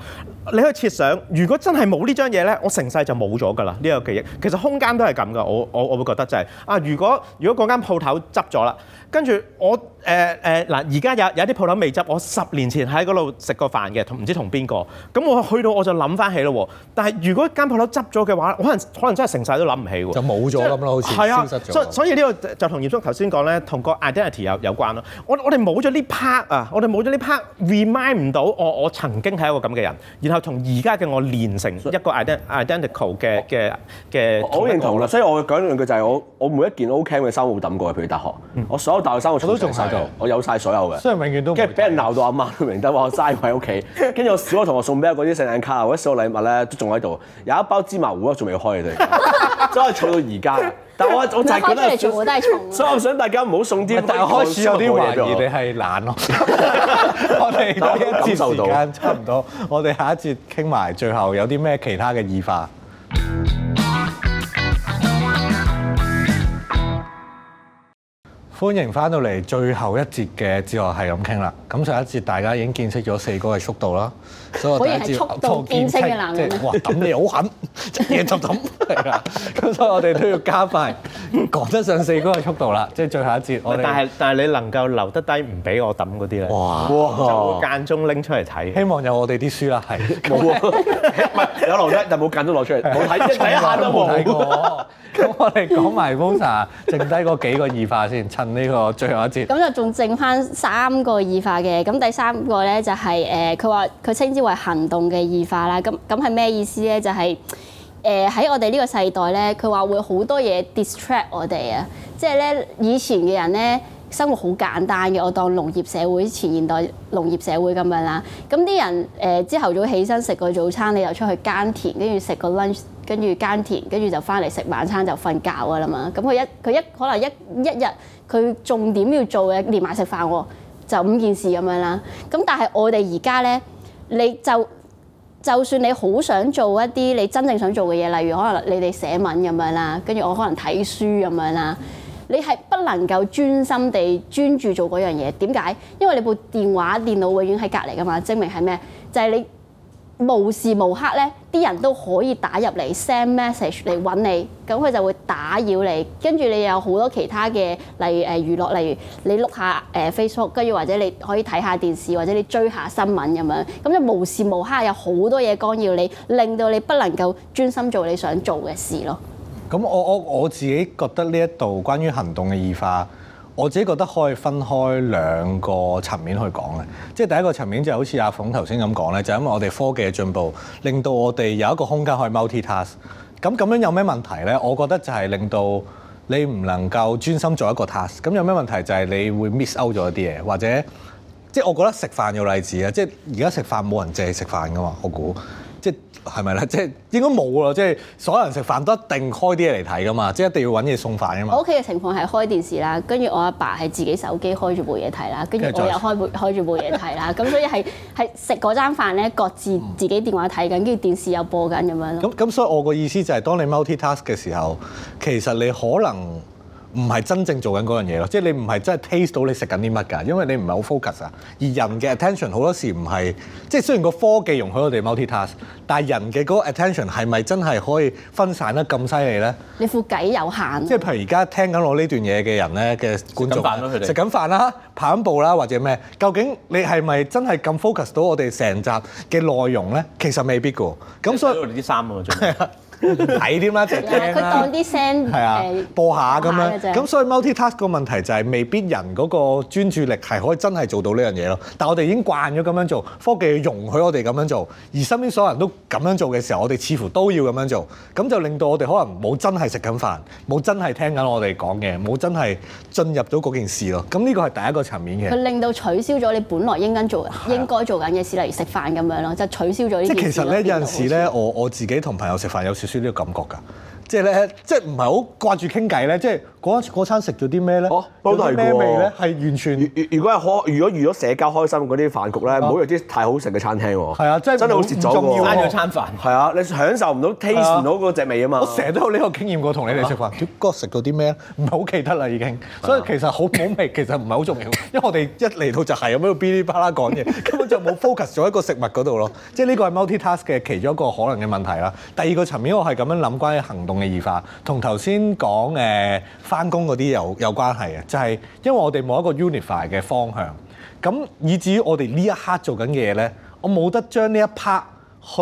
你可以設想，如果真係冇呢張嘢咧，我成世就冇咗㗎啦，呢個記憶，其實空間都係咁㗎，我我我會覺得就係、係、啊，如果如果嗰間鋪頭執咗啦，跟住我。誒誒嗱，而家有有啲鋪頭未執，我十年前喺嗰度食過飯嘅，同唔知同邊個咁，我去到我就諗翻起咯喎，但係如果間鋪頭執咗嘅話，可能可能真係成世都諗唔起喎。就冇咗咁咯，好似係啊，所以所以呢個就同鹽叔頭先講咧，同個 identity 有有關咯。我我哋冇咗呢 part 啊，我哋冇咗呢 part，remind 唔到我我曾經係一個咁嘅人，然後同而家嘅我連成一個 identical 嘅嘅嘅。我好認同啦，所以我講兩句就係我我每一件 OK 嘅生活抌過去，譬如大學，我所有大學生活都仲我有晒所有嘅，雖然永遠跟住俾人鬧到阿媽都明，得話我齋喺屋企，跟住我小學同學送俾我嗰啲聖誕卡，或者小禮物咧都仲喺度，有一包芝麻糊我仲未開。你哋真係儲到而家。但我我就覺得，你你我所以我想大家唔好送啲，不但係開始有啲懷疑你係懶咯。 我哋呢一節時間差唔多，我哋下一節傾埋最後有啲咩其他嘅異化。歡迎翻到嚟最後一節嘅哲學係咁傾啦。咁上一節大家已經見識咗四個嘅速度啦。所以速度變質嘅男人，哇抌你好狠，一嘢就抌，係啊，咁所以我哋都要加快，趕得上四個速度啦，即係最後一節。唔係，但係但係你能夠留得低唔俾我抌嗰啲咧，哇，就間中拎出嚟睇。希望有我哋啲書啦，係冇，唔係有留啫，但係冇緊都攞出嚟，冇睇，一睇下都冇睇過。咁我哋講埋 Rosa，剩低嗰幾個異化先，趁呢個最後一節。咁就仲剩翻三個異化嘅，咁第三個咧就係誒，佢話佢稱之為行動嘅異化啦，咁咁係咩意思咧？就係誒喺我哋呢個世代咧，佢話會好多嘢 distract 我哋啊，即係咧以前嘅人咧生活好簡單嘅。我當農業社會前現代農業社會咁樣啦，啊，咁啲人誒，朝、呃、頭早起身食個早餐，你又出去耕田，跟住食個 lunch，跟住耕田，跟住就翻嚟食晚餐就瞓覺㗎啦嘛。咁佢一佢一可能一一日佢重點要做嘅連埋食飯、啊，就五件事咁樣啦，啊。咁但係我哋而家咧。你就就算你好想做一啲你真正想做嘅嘢，例如可能你哋寫文咁樣啦，跟住我可能睇書咁樣啦，你係不能夠專心地專注做嗰樣嘢。點解？因為你部電話電腦永遠喺隔籬噶嘛，證明係咩？就係你。無時無刻咧，啲人都可以打入嚟 send message 嚟揾你，咁佢就會打擾你。跟住你有好多其他嘅，例如誒、呃、娛樂，例如你碌下誒、呃、Facebook，跟住或者你可以睇下電視，或者你追下新聞咁樣。咁就無時無刻有好多嘢干擾你，令到你不能夠專心做你想做嘅事咯。咁我我我自己覺得呢一度關於行動嘅異化。我自己覺得可以分開兩個層面去講嘅，即係第一個層面就係好似阿鳳頭先咁講咧，就係、因為我哋科技嘅進步，令到我哋有一個空間可以 multi task。咁咁樣有咩問題咧？我覺得就係令到你唔能夠專心做一個 task。咁有咩問題就係你會 miss out 咗一啲嘢，或者即係我覺得食飯就例子啊，即係而家食飯冇人淨係食飯㗎嘛，我估。係咪咧？即係應該冇啦，即係所有人食飯都一定開啲嘢嚟睇噶嘛，即係一定要搵嘢送飯噶嘛。我屋企嘅情況係開電視啦，跟住我阿爸係自己手機開住部嘢睇啦，跟住我又開部開住部嘢睇啦，咁 所以係係食嗰餐飯咧，各自自己電話睇緊，跟住電視又播緊咁樣。咁咁，所以我個意思就係、是，當你 multi task 嘅時候，其實你可能。唔係真正做緊嗰樣嘢咯，即係你唔係真係 taste 到你食緊啲乜㗎，因為你唔係好 focus 啊。而人嘅 attention 好多時唔係，即係雖然個科技容許我哋 multitask，但係人嘅嗰個 attention 係咪真係可以分散得咁犀利咧？你副偈有限。即係譬如而家聽緊我呢段嘢嘅人咧嘅觀眾佢哋食緊飯啦、跑緊步啦或者咩？究竟你係咪真係咁 focus 到我哋成集嘅內容咧？其實未必㗎。咁所以。啲衫啊嘛，睇添啦，即係佢、啊、當啲聲係啊播下咁樣。咁所以 multi task 個問題就係、是、未必人嗰個專注力係可以真係做到呢樣嘢咯。但我哋已經慣咗咁樣做，科技容許我哋咁樣做，而身邊所有人都咁樣做嘅時候，我哋似乎都要咁樣做，咁就令到我哋可能冇真係食緊飯，冇真係聽緊我哋講嘅，冇真係進入到嗰件事咯。咁呢個係第一個層面嘅。佢令到取消咗你本來應該做應該做緊嘅事，的例如食飯咁樣咯，就是、取消咗呢件事。即係其實咧有陣時咧，我我自己同朋友食飯有少。就呢個感覺㗎。即係咧，即係唔係好掛住傾偈咧？即係嗰餐食咗啲咩咧？都係嘅，係完全。如果係開，如果遇到社交開心嗰啲飯局咧，唔好有啲太好食嘅餐廳喎。係啊，真係真係好蝕走㗎。拉咗餐飯。係啊，你享受唔到 taste 唔到嗰隻味啊嘛。我成日都有呢個經驗過，同你哋食飯。嗰個食到啲咩唔係好記得啦，已經。所以其實好冇味，其實唔係好重要，因為我哋一嚟到就係喺度噼里啪啦講嘢，根本就冇 focus 咗一個食物嗰度咯。即係呢個係 multi task 嘅其中一個可能嘅問題啦。第二個層面，我係咁樣諗，關於行動。異化同頭先講誒翻工嗰啲有有關係嘅，就係因為我哋冇一個 unify 嘅方向，咁以至於我哋呢一刻做緊嘅嘢咧，我冇得將呢一 part 去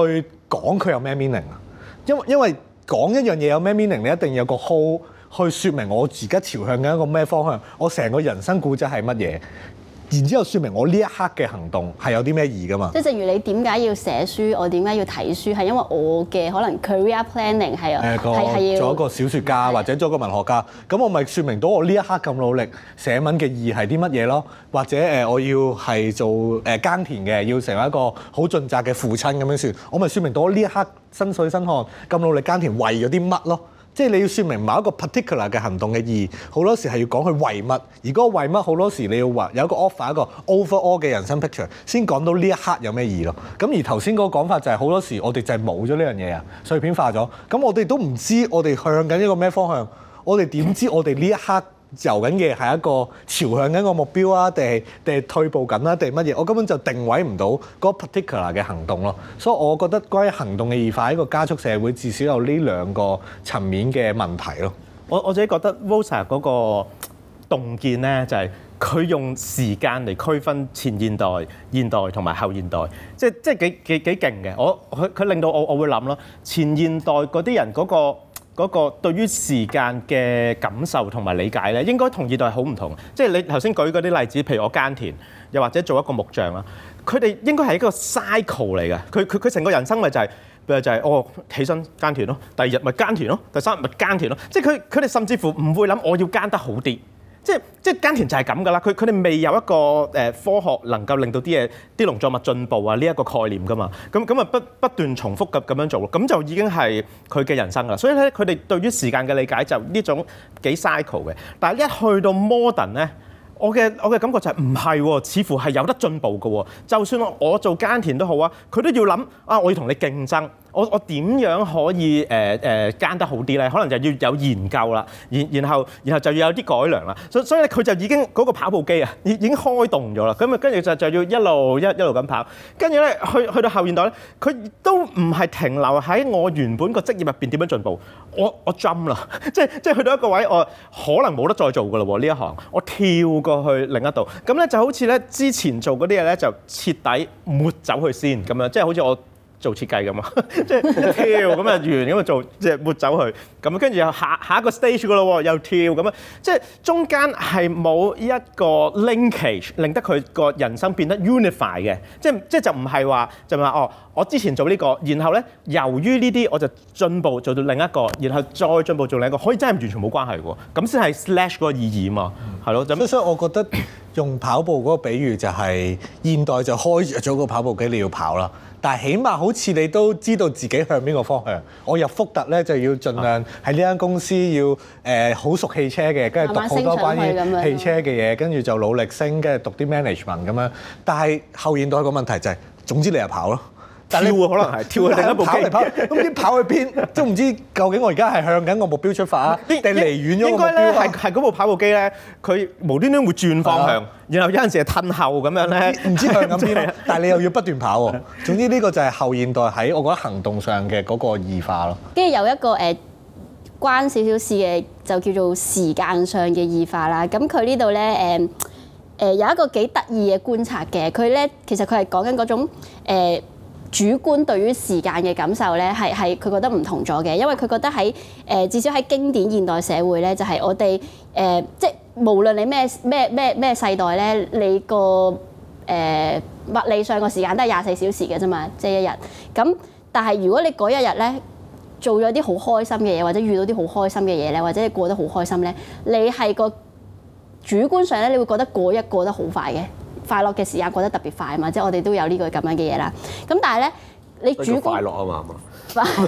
講佢有咩 meaning 啊，因為因為講一樣嘢有咩 meaning，你一定要有個 whole 去説明我自己朝向緊一個咩方向，我成個人生故仔係乜嘢。然之後，説明我呢一刻嘅行動係有啲咩意義噶嘛？即係正如你點解要寫書，我點解要睇書，係因為我嘅可能 career planning 係啊，呃、要做一個小説家是或者做一個文學家，咁我咪説明到我呢一刻咁努力寫文嘅意義係啲乜嘢咯？或者誒、呃，我要係做誒耕、呃、田嘅，要成為一個好盡責嘅父親咁樣算，我咪説明到我呢一刻身水身汗咁努力耕田為咗啲乜咯？即係你要説明某一個 particular 嘅行動嘅意義，好多時係要講佢為乜。而嗰個為乜好多時你要話有一個 offer 一個 overall 嘅人生 picture，先講到呢一刻有咩意義咯。咁而頭先嗰個講法就係、是、好多時我哋就係冇咗呢樣嘢啊，碎片化咗。咁我哋都唔知我哋向緊一個咩方向，我哋點知我哋呢一刻？就緊嘅係一個朝向緊個目標啊，定係定係退步緊啊？定係乜嘢？我根本就定位唔到嗰 particular 嘅行動咯。所以我覺得關於行動嘅異化喺個加速社會，至少有呢兩個層面嘅問題咯。我我自己覺得 Rosa 嗰個洞見咧，就係、是、佢用時間嚟區分前現代、現代同埋後現代，即即係幾幾幾勁嘅。我佢佢令到我我會諗咯，前現代嗰啲人嗰、那個。嗰個對於時間嘅感受同埋理解咧，應該同現代好唔同。即係你頭先舉嗰啲例子，譬如我耕田，又或者做一個木匠啊，佢哋應該係一個 cycle 嚟嘅。佢佢佢成個人生咪就係、譬如、就係、是、哦，起身耕田咯，第二日咪耕田咯，第三日咪耕田咯。即係佢佢哋甚至乎唔會諗我要耕得好啲。即係即係耕田就係咁㗎啦，佢佢哋未有一個誒科學能夠令到啲嘢啲農作物進步啊，呢一個概念㗎嘛，咁咁啊不不斷重複咁咁樣做，咁就已經係佢嘅人生啦。所以咧，佢哋對於時間嘅理解就呢種幾 cycle 嘅，但係一去到 modern 咧。我嘅我嘅感覺就係唔係喎，似乎係有得進步嘅喎。就算我我做耕田都好啊，佢都要諗啊，我要同你競爭，我我點樣可以誒誒耕得好啲咧？可能就要有研究啦，然然後然後就要有啲改良啦。所所以咧，佢就已經嗰個跑步機啊，已經開動咗啦。咁啊，跟住就就要一路一一路咁跑。跟住咧，去去到後現代咧，佢都唔係停留喺我原本個職業入邊點樣進步。我我 jump 啦，即係即係去到一個位，我可能冇得再做嘅啦喎，呢一行，我跳。過去另一度，咁咧就好似咧之前做嗰啲嘢咧，就徹底抹走佢先咁、嗯、樣，即係好似我，做設計㗎嘛，即 係跳咁啊完咁啊做即係抹走佢，咁跟住又下下一個 stage 㗎咯喎，又跳咁啊，即係中間係冇呢一個 linkage 令得佢個人生變得 unify 嘅，即即就唔係話就話哦，我之前做呢個，然後咧由於呢啲我就進步做到另一個，然後再進步做另一個，可以真係完全冇關係㗎喎，咁先係 slash 嗰個意義嘛，係咯，咁所以所以我覺得用跑步嗰個比喻就係現代就開咗個跑步機，你要跑啦。但係起碼好似你都知道自己向邊個方向。我入福特咧就要盡量喺呢間公司要誒好、呃、熟汽車嘅，跟住讀好多，多關於汽車嘅嘢，跟住就努力升，跟住讀啲 management 咁樣。但係後面都一個問題，就係，就係總之你又跑咯。但你跳啊！可能係跳去另一部機跑嚟跑去，咁唔知跑去邊，都唔 知究竟我而家係向緊個目標出發啊，定離遠咗個目標咧？應該呢，係係嗰部跑步機咧，佢無端端會轉方向，啊、然後有陣時係褪後咁樣咧，唔 知向緊邊路。 但係你又要不斷跑喎。 總之呢個就係後現代喺我覺得行動上嘅嗰個異化咯。跟住有一個誒、呃、關少少事嘅，就叫做時間上嘅異化啦。咁佢呢度咧誒誒有一個幾得意嘅觀察嘅，佢咧其實佢係講緊嗰種、呃主觀對於時間嘅感受咧，係係佢覺得唔同咗嘅，因為佢覺得喺誒、呃、至少喺經典現代社會咧，就係、是、我哋誒、呃、即係無論你咩咩咩咩世代咧，你個誒物理上個時間都係廿四小時嘅啫嘛，即、就、係、是、一日。咁但係如果你嗰一日咧做咗啲好開心嘅嘢，或者遇到啲好開心嘅嘢咧，或者你過得好開心咧，你係個主觀上咧，你會覺得過一過得好快嘅。快樂嘅時間過得特別快啊嘛，即係我哋都有呢個咁樣嘅嘢啦。咁但係咧，你主快樂啊嘛，係嘛？快，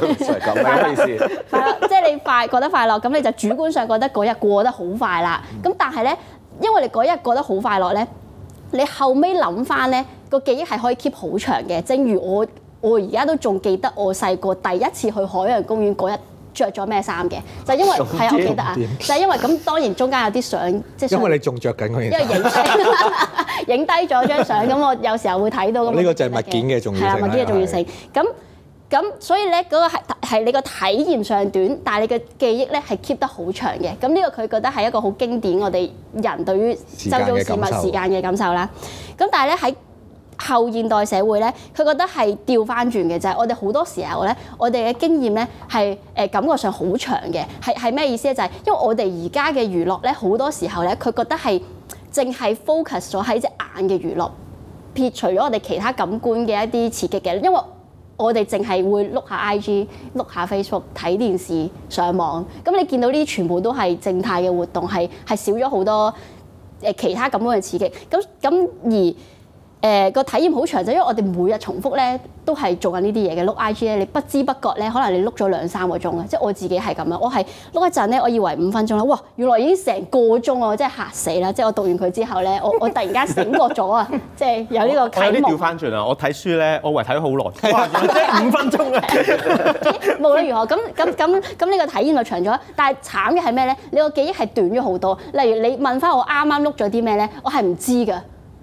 即係你快覺得快樂，咁你就主觀上覺得嗰日過得好快啦。咁、嗯、但係咧，因為你嗰日過得好快樂咧，你後尾諗翻咧，個記憶係可以 keep 好長嘅。正如我，我而家都仲記得我細個第一次去海洋公園嗰日。着咗咩衫嘅？啊、就因為係中間 我記得啊，中間 就因為咁，當然中間有啲相即係、就是、因為你仲着緊嗰件，因為影相影低咗張相咁，我有時候會睇到咁。呢、哦呢個就係物件嘅重要性，係啦，物件嘅重要性。咁咁的的所以咧，嗰、嗰個係你個體驗上短，但係你嘅記憶咧係 keep 得好長嘅。咁呢個佢覺得係一個好經典，我哋人對於周遭事物時間嘅感受啦。咁但係咧喺後現代社會咧，佢覺得係調翻轉嘅啫。就係我哋好多時候咧，我哋嘅經驗咧係誒感覺上好長嘅。係係咩意思咧？就係因為我哋而家嘅娛樂咧，好多時候咧，佢覺得係淨係 focus 咗喺隻眼嘅娛樂，撇除咗我哋其他感官嘅一啲刺激嘅。因為我哋淨係會碌下 IG，碌下 Facebook，睇電視，上網。咁你見到呢啲全部都係靜態嘅活動，係係少咗好多誒其他感官嘅刺激。咁咁而誒個、呃、體驗好長就因為我哋每日重複咧都係做緊呢啲嘢嘅。碌 IG 咧，你不知不覺咧，可能你碌咗兩三個鐘嘅，即係我自己係咁樣。我係碌一陣咧，我以為五分鐘啦，哇，原來已經成個鐘喎，即係嚇死啦！即係我讀完佢之後咧，我我突然間醒覺咗啊， 即係有呢個記憶。睇啲調翻轉啊！我睇書咧，我以為睇咗好耐，哇， 五分鐘啊、 欸！無論如何，咁咁咁咁，呢個體驗就長咗。但係慘嘅係咩咧？你個記憶係短咗好多。例如你問翻我啱啱碌咗啲咩咧，我係唔知㗎。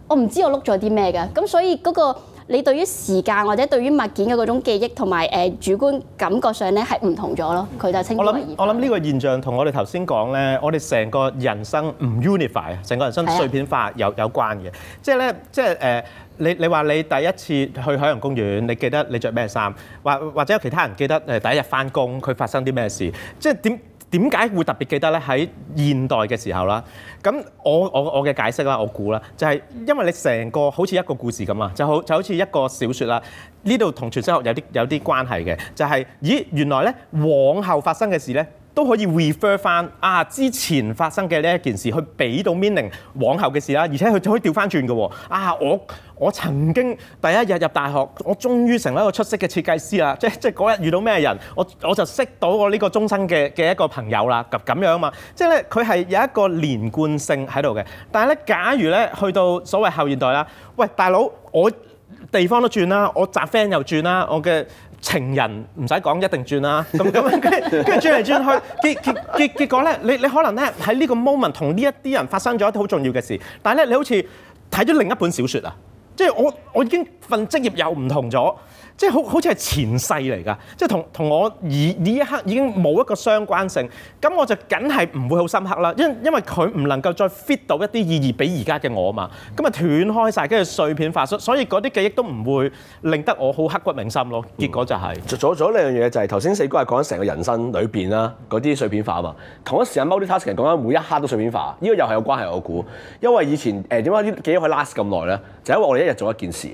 我唔知我碌咗啲咩嘅，咁所以嗰個你對於時間或者對於物件嘅嗰種記憶同埋誒主觀感覺上咧係唔同咗咯，佢就清楚。我諗我諗呢個現象同我哋頭先講咧，我哋成個人生唔 unify，成個人生碎片化有有關嘅，即係咧即係誒你你話你第一次去海洋公園，你記得你著咩衫，或或者有其他人記得誒第一日翻工佢發生啲咩事，即係點？點解會特別記得咧？喺現代嘅時候啦，咁我我我嘅解釋啦，我估啦，就係因為你成個好似一個故事咁啊，就好就好似一個小説啦。呢度同傳奇學有啲有啲關係嘅，就係咦，原來咧，往後發生嘅事咧。都可以 refer 翻啊，之前發生嘅呢一件事，去俾到 meaning 往後嘅事啦。而且佢仲可以調翻轉嘅喎啊。我我曾經第一日入大學，我終於成為一個出色嘅設計師啦。即即嗰日遇到咩人，我我就識到我呢個終生嘅嘅一個朋友啦。咁樣啊嘛，即係咧佢係有一個連貫性喺度嘅。但係咧，假如咧去到所謂後現代啦，喂大佬，我地方都轉啦，我 setfriend 又轉啦，我嘅。情人唔使講一定轉啦，啊，咁咁跟跟住轉嚟轉去，結結結結果咧，你你可能咧喺呢個 moment 同呢一啲人發生咗一啲好重要嘅事，但係咧你好似睇咗另一本小説啊，即係我我已經，我已經份職業又唔同咗。即係好好似係前世嚟㗎，即係同同我而呢一刻已經冇一個相關性，咁我就梗係唔會好深刻啦。因因為佢唔能夠再 fit 到一啲意義俾而家嘅我嘛，咁啊斷開晒，跟住碎片化，所以嗰啲記憶都唔會令得我好刻骨銘心咯。結果就係、是嗯、做做咗呢樣嘢，就係頭先四哥係講緊成個人生裏邊啦，嗰啲碎片化嘛。同一時間，Multitasking 講緊每一刻都碎片化，呢、這個又係有關係我估，因為以前誒點解啲記憶可以 last 咁耐咧？就是、因為我哋一日做一件事。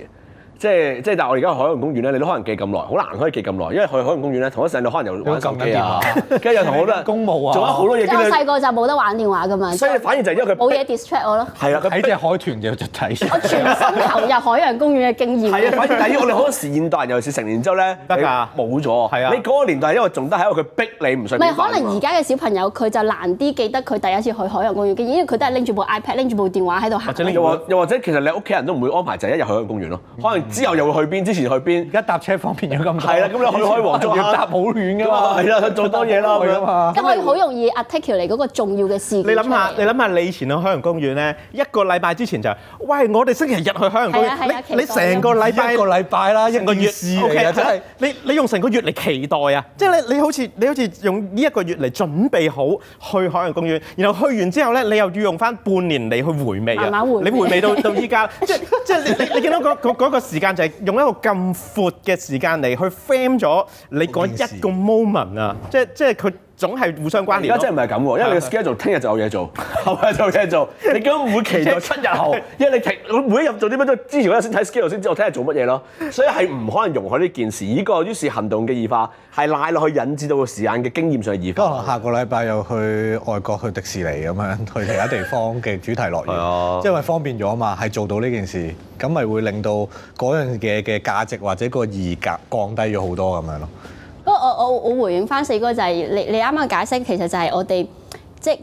即係即係，但係我而家去海洋公園咧，你都可能記咁耐，好難可以記咁耐，因為去海洋公園咧，同一時間你可能又玩手機啊，跟住又同我咧公務啊，做咗好多嘢。因為細個就冇得玩電話噶嘛，所以反而就因為佢冇嘢 distract 我咯。係啊，佢睇隻海豚就睇。我全心投入海洋公園嘅經驗。反而係因我哋好多時現代人，尤其是成年之後咧，得㗎冇咗。係啊，你嗰個年代因為仲得喺度，佢逼你唔想。可能而家嘅小朋友佢就難啲記得佢第一次去海洋公園經驗，因為佢都係拎住部 iPad、拎住部電話喺度行，又或者其實你屋企人都唔會安排就一日海洋公園咯，可能。之後又會去邊？之前去邊？而家搭車方便咗咁多，係啦。咁你去開黃竹坑仲要搭好遠噶嘛？係啦，做多嘢啦，咁啊嘛。咁係好容易 attach 嚟嗰個重要嘅事。你諗下，你諗下，你以前去海洋公園咧，一個禮拜之前就，喂，我哋星期日去海洋公園。你成個禮拜一個禮拜啦，一個月嚟啊，真係。你你用成個月嚟期待啊，即係你你好似你好似用呢一個月嚟準備好去海洋公園，然後去完之後咧，你又要用翻半年嚟去回味啊，你回味到到依家，即係即係你你見到嗰嗰個時，間就係用一個咁闊嘅時間嚟去 frame 咗你嗰一個 moment 啊！ 即係即係佢。總係互相關聯。而家真係唔係咁喎，因為你個 schedule 聽日就有嘢 做，後日就有嘢做。你根本唔會期待七日後，因為你每每一日做啲乜都之前嗰日先睇 schedule 先知我聽日做乜嘢咯。所以係唔可能容許呢件事，呢個於是行動嘅異化係賴落去引致到時間嘅經驗上嘅異化。可能下個禮拜又去外國去迪士尼咁樣，去其他地方嘅主題樂園，即係話方便咗嘛，係做到呢件事，咁咪會令到嗰樣嘅嘅價值或者個意義降低咗好多咁樣咯。不過我我我回應翻四哥，就係你你啱啱解釋，其實就係我哋即係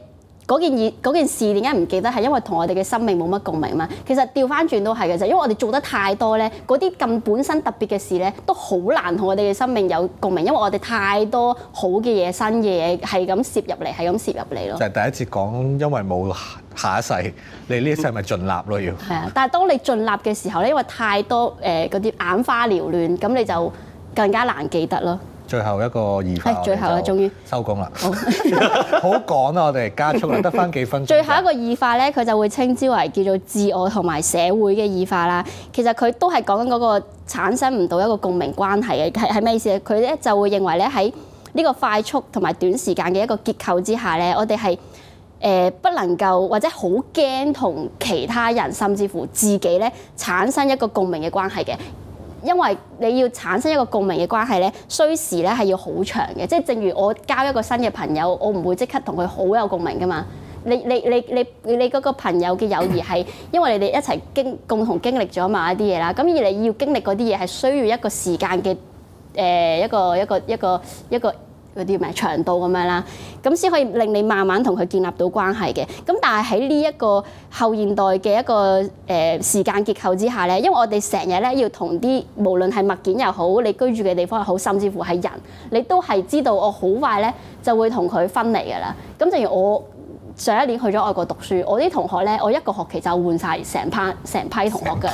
嗰件嘢嗰件事點解唔記得，係因為同我哋嘅生命冇乜共鳴嘛。其實調翻轉都係嘅，就因為我哋做得太多咧，嗰啲咁本身特別嘅事咧，都好難同我哋嘅生命有共鳴，因為我哋太多好嘅嘢新嘅嘢係咁攝入嚟，係咁攝入嚟咯。就係第一次講，因為冇下一世，你呢一世咪盡納咯要。係啊，但係當你盡納嘅時候咧，因為太多誒嗰啲眼花撩亂，咁你就更加難記得咯。最後一個異化，唉我就 最後啦，終於收工啦。好趕 啊，我哋加速啊，得返幾分鐘。 最後一個異化咧，佢就會稱之為叫做自我同埋社會嘅異化啦。其實佢都係講緊嗰個產生唔到一個共鳴關係嘅，係係咩意思咧？佢咧就會認為咧喺呢個快速同埋短時間嘅一個結構之下咧，我哋係誒不能夠或者好驚同其他人甚至乎自己咧產生一個共鳴嘅關係嘅。因為你要產生一個共鳴嘅關係咧，需時咧係要好長嘅。即係正如我交一個新嘅朋友，我唔會即刻同佢好有共鳴噶嘛。你你你你你嗰個朋友嘅友誼係因為你哋一齊經共同經歷咗某一啲嘢啦。咁而你要經歷嗰啲嘢係需要一個時間嘅誒一個一個一個一個。一個一個一個嗰啲咩長度咁樣啦，咁先可以令你慢慢同佢建立到關係嘅。咁但係喺呢一個後現代嘅一個誒、呃、時間結構之下咧，因為我哋成日咧要同啲無論係物件又好，你居住嘅地方又好，甚至乎係人，你都係知道我好快咧就會同佢分離㗎啦。咁正如我。上一年去咗外國讀書，我啲同學咧，我一個學期就換晒成班成批同學嘅，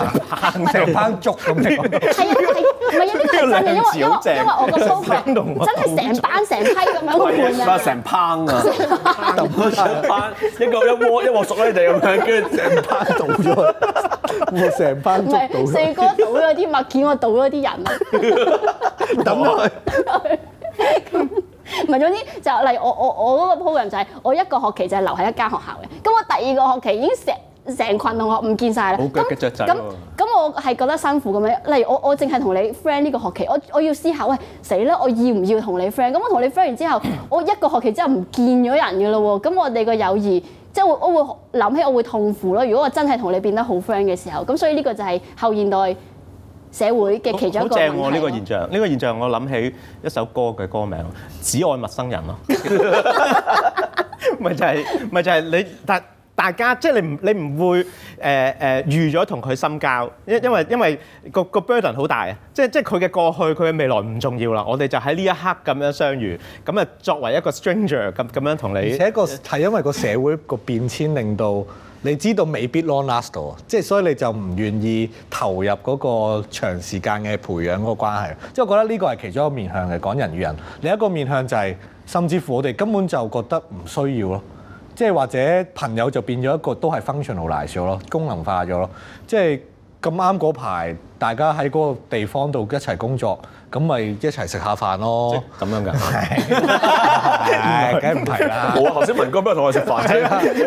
成班捉咁樣。係啊係，唔係一個，因為因為因為我個蘇格，真係成班成批咁樣換成班啊，成班，一個一鑊一鑊熟你哋咁樣，跟住成班倒咗，成班唔係四哥倒咗啲物件，我倒咗啲人。倒佢。唔係，總之就例如我我我嗰個 program 就係我一個學期就係留喺一間學校嘅，咁我第二個學期已經成成羣同學唔見晒啦。好腳嘅雀仔。咁咁，咁我係覺得辛苦咁樣。例如我我淨係同你 friend 呢個學期，我我要思考，喂死啦，我要唔要同你 friend？咁我同你 friend 完之後， 我一個學期之後唔見咗人嘅咯喎，咁我哋個友誼即係會我會諗起我會痛苦咯。如果我真係同你變得好 friend 嘅時候，咁所以呢個就係後現代。社會嘅其中一個，好正喎、啊！呢、這個現象，呢、這個現象，我諗起一首歌嘅歌名《只愛陌生人》咯。咪 就係、是、咪就係你？但大家即係、就是、你唔你唔會誒誒預咗同佢深交，因為因為、嗯嗯、因為個個 burden 好大啊！即係即係佢嘅過去，佢嘅未來唔重要啦。我哋就喺呢一刻咁樣相遇，咁啊作為一個 stranger 咁咁樣同你，而且個係 因為個社會個變遷令到。你知道未必 long last 咯，即係所以你就唔願意投入嗰個長時間嘅培養嗰個關係，即係我覺得呢個係其中一個面向嚟講人與人，另一個面向就係、是、甚至乎我哋根本就覺得唔需要咯，即係或者朋友就變咗一個都係 functionalize 咯，功能化咗咯，即係咁啱嗰排大家喺嗰個地方度一齊工作。咁咪一齊食下飯咯，咁樣㗎？係，梗係唔係啦？我頭先文哥邊個同我食飯啫？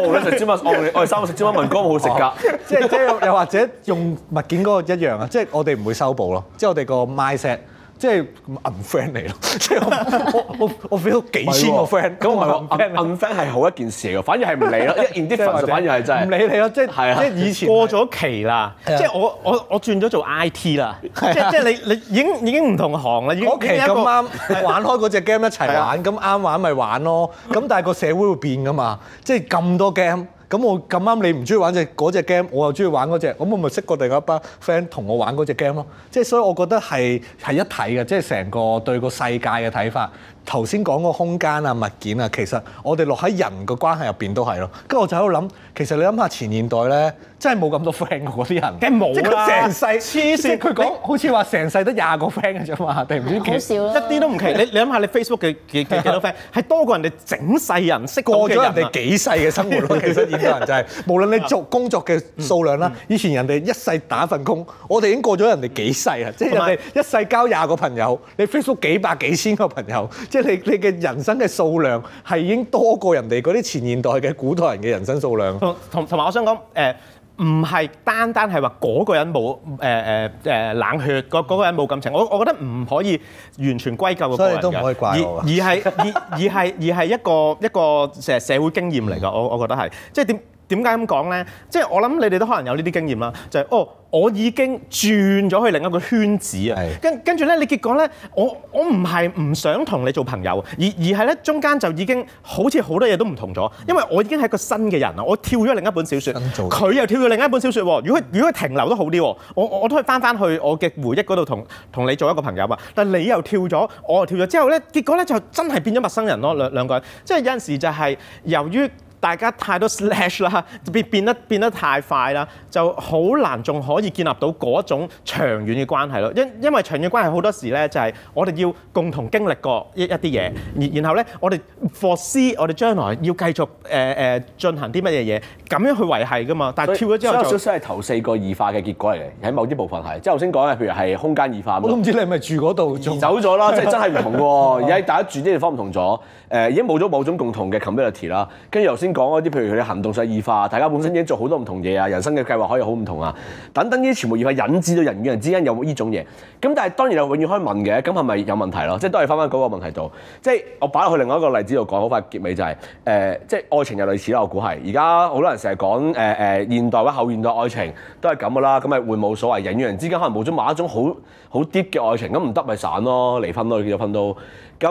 我哋食芝麻，我我哋三個食芝麻，文哥冇食㗎。即係即係又或者用物件嗰個一樣啊，即係我哋唔會修補咯。即係我哋個 mindset。即係咁 unfriend 你咯，即係我我我我 feel 幾千個 friend。咁唔係話 unfriend 係好一件事，反而係唔理咯。一唔啲 f 就反而係真係唔理你咯。即係即係以前過咗期啦，即係我我我轉咗做 IT 啦。即即係你你已經已經唔同行啦。嗰期咁啱玩開嗰隻 game 一齊玩，咁啱玩咪玩咯。咁但係個社會會變㗎嘛，即係咁多 game。咁我咁啱你唔中意玩隻嗰隻 game，我又中意玩嗰隻，咁我咪識過另一班 friend 同我玩嗰隻 game 咯。即係所以，我覺得係係一體嘅，即係成個對個世界嘅睇法。頭先講個空間啊、物件啊，其實我哋落喺人個關係入邊都係咯。跟住我就喺度諗，其實你諗下前現代咧，真係冇咁多 friend 嗰啲人。梗冇啦，成世黐線。即係佢講，好似話成世得廿個 friend 嘅啫嘛，定唔知幾少？一啲都唔奇。你你諗下你 Facebook 嘅幾幾多 friend，係多過人哋整世人識過咗人哋幾世嘅生活咯。其實現代人就係無論你做工作嘅數量啦，以前人哋一世打份工，我哋已經過咗人哋幾世啊。即係人哋一世交廿個朋友，你 Facebook 幾百幾千個朋友。即係你你嘅人生嘅數量係已經多過人哋嗰啲前現代嘅古代人嘅人生數量。同同埋，我想講誒，唔係單單係話嗰個人冇誒誒誒冷血，嗰個人冇感情。我我覺得唔可以完全歸咎個個人嘅。所以都唔可以怪我。而而係 而而係而係一個一個社社會經驗嚟㗎。我我覺得係即係點？點解咁講呢？即係我諗你哋都可能有呢啲經驗啦，就係哦，我已經轉咗去另一個圈子啊是。跟跟住呢，你結果呢，我我唔係唔想同你做朋友，而而係呢，中間就已經好似好多嘢都唔同咗，因為我已經係一個新嘅人啊，我跳咗另一本小説，佢又跳咗另一本小説喎。如果如果佢停留得好啲，我我都可以翻翻去我嘅回憶嗰度同同你做一個朋友啊。但係你又跳咗，我又跳咗，之後呢，結果呢，就真係變咗陌生人咯。兩兩個人，即係有陣時就係由於。大家太多 slash 啦，就變變得變得太快啦，就好難仲可以建立到嗰種長遠嘅關係咯。因因為長遠關係好多時咧就係、是、我哋要共同經歷過一一啲嘢，然然後咧我哋 foresee 我哋將來要繼續誒誒進行啲乜嘢嘢，咁樣去維繫噶嘛。但係以跳咗之後所，所以頭四個異化嘅結果嚟嘅，喺某啲部分係即係頭先講嘅譬如係空間異化。我都唔知你係咪住嗰度走咗啦，即係、就是、真係唔同喎。而家 大家住呢地方唔同咗，誒、呃、已經冇咗某種共同嘅 community 啦。跟住頭先。講嗰啲譬如佢哋行動異化，大家本身已經做好多唔同嘢啊，人生嘅計劃可以好唔同啊，等等呢啲全部要係引致到人與人之間有冇呢種嘢。咁但係當然你永遠可以問嘅，咁係咪有問題咯？即係都係翻翻嗰個問題度。即係我擺落去另外一個例子度講，好快結尾就係、是、誒、呃，即係愛情又類似啦，我估係而家好多人成日講誒誒現代或者後現代愛情都係咁噶啦。咁咪會冇所謂人與人之間可能冇咗某一種好好 deep 嘅愛情，咁唔得咪散咯，離婚咯，結咗婚都咁，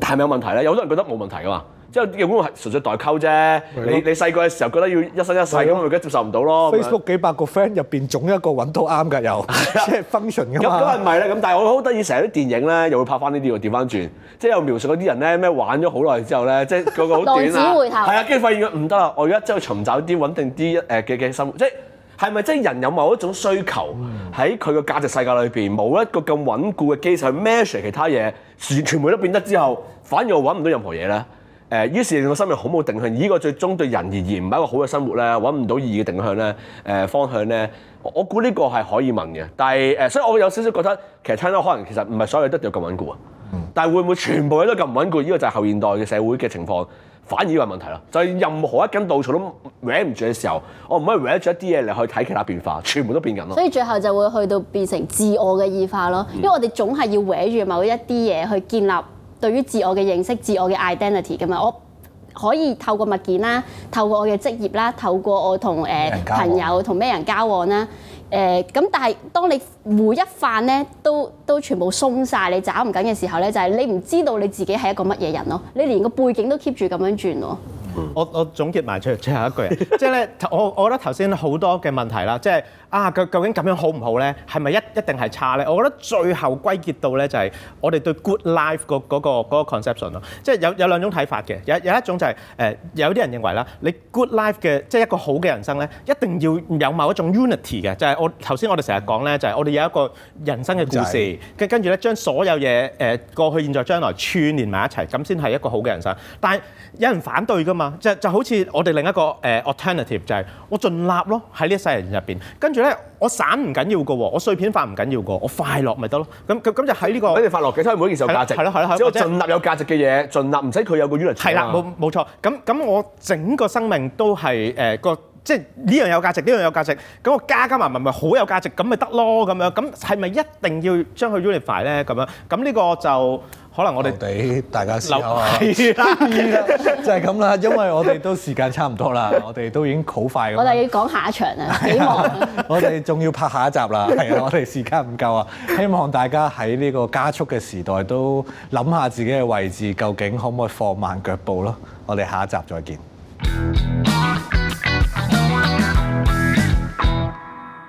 係咪有問題咧？有好多人覺得冇問題噶嘛？因為如果係純粹代溝啫的。你你細個嘅時候覺得要一生一世咁，而家的接受唔到咯。Facebook 的幾百個 friend 入邊，總一個揾到啱㗎又，即係 function 咁嘛。咁咁係唔係咧？咁但係我好得意，成日啲電影咧又會拍翻、就是、呢啲喎，調翻轉，即係又描述嗰啲人咧咩玩咗好耐之後咧，即係個個浪子、啊、 回頭。係啊，跟住發現唔得啦，我而家即係尋找啲穩定啲誒嘅嘅生活。即係係咪即係人有某一種需求喺佢個價值世界裏邊冇一個咁穩固嘅機制去 measure 其他嘢，全全部都變得之後，反而我揾唔到任何嘢咧？誒於是個生命好冇定向，依個最終對人而言唔係一個好嘅生活咧，揾唔到意義嘅定向咧，誒、呃、方向咧，我估呢個係可以問嘅，但係誒、呃，所以我有少少覺得其實聽得可能其實唔係所有都掉咁穩固啊，嗯、但係會唔會全部嘢都咁唔穩固？呢、這個就係後現代嘅社會嘅情況，反而係問題咯，就係、是、任何一根稻草都搲唔住嘅時候，我唔可以搲住一啲嘢嚟去睇其他變化，全部都變緊咯。所以最後就會去到變成自我嘅異化咯，因為我哋總係要搲住某一啲嘢去建立。對於自我嘅認識、自我嘅 identity 㗎嘛，我可以透過物件啦，透過我嘅職業啦，透過我同誒朋友同咩人交往啦，誒咁、呃、但係當你每一塊咧都都全部鬆晒，你找唔緊嘅時候咧，就係、是、你唔知道你自己係一個乜嘢人咯，你連個背景都 keep 住咁樣轉喎、啊。嗯、我我總結埋最最後一句，即係咧，我我覺得頭先好多嘅問題啦，即、就、係、是。啊，究究竟咁樣好唔好咧？係咪一一定係差咧？我覺得最後歸結到咧就係我哋對 good life 個嗰個嗰個 conception 咯，即係有有兩種睇法嘅。有有一種就係誒有啲人認為啦，你 good life 嘅即係一個好嘅人生咧，一定要有某一種 unity 嘅，就係我頭先我哋成日講咧，就係我哋有一個人生嘅故事，跟跟住咧將所有嘢誒過去、現在、將來串連埋一齊，咁先係一個好嘅人生。但係有人反對噶嘛，就就好似我哋另一個誒 alternative 就係我盡力咯，喺呢一世人入邊，跟住咧。即係我散唔緊要嘅喎，我碎片化唔緊要嘅，我快樂咪得咯。咁咁咁就喺呢個，俾你快樂嘅，當然每件事有價值。係咯係咯係咯，即係盡立有價值嘅嘢，盡立唔使佢有個 unify。係啦，冇冇錯。咁咁我整個生命都係誒個，即係呢樣有價值，呢樣有價值。咁我加加埋埋咪好有價值，咁咪得咯咁樣。咁係咪一定要將佢 unify 咧？咁樣咁呢個就。可能我哋畀大家試下就係咁啦，因為我哋都時間差唔多啦，我哋都已經好快。我哋要講下一場啊，係啊，我哋仲要拍下一集啦，係啊，我哋時間唔夠啊，希望大家喺呢個加速嘅時代都諗下自己嘅位置，究竟可唔可以放慢腳步咯？我哋下一集再見。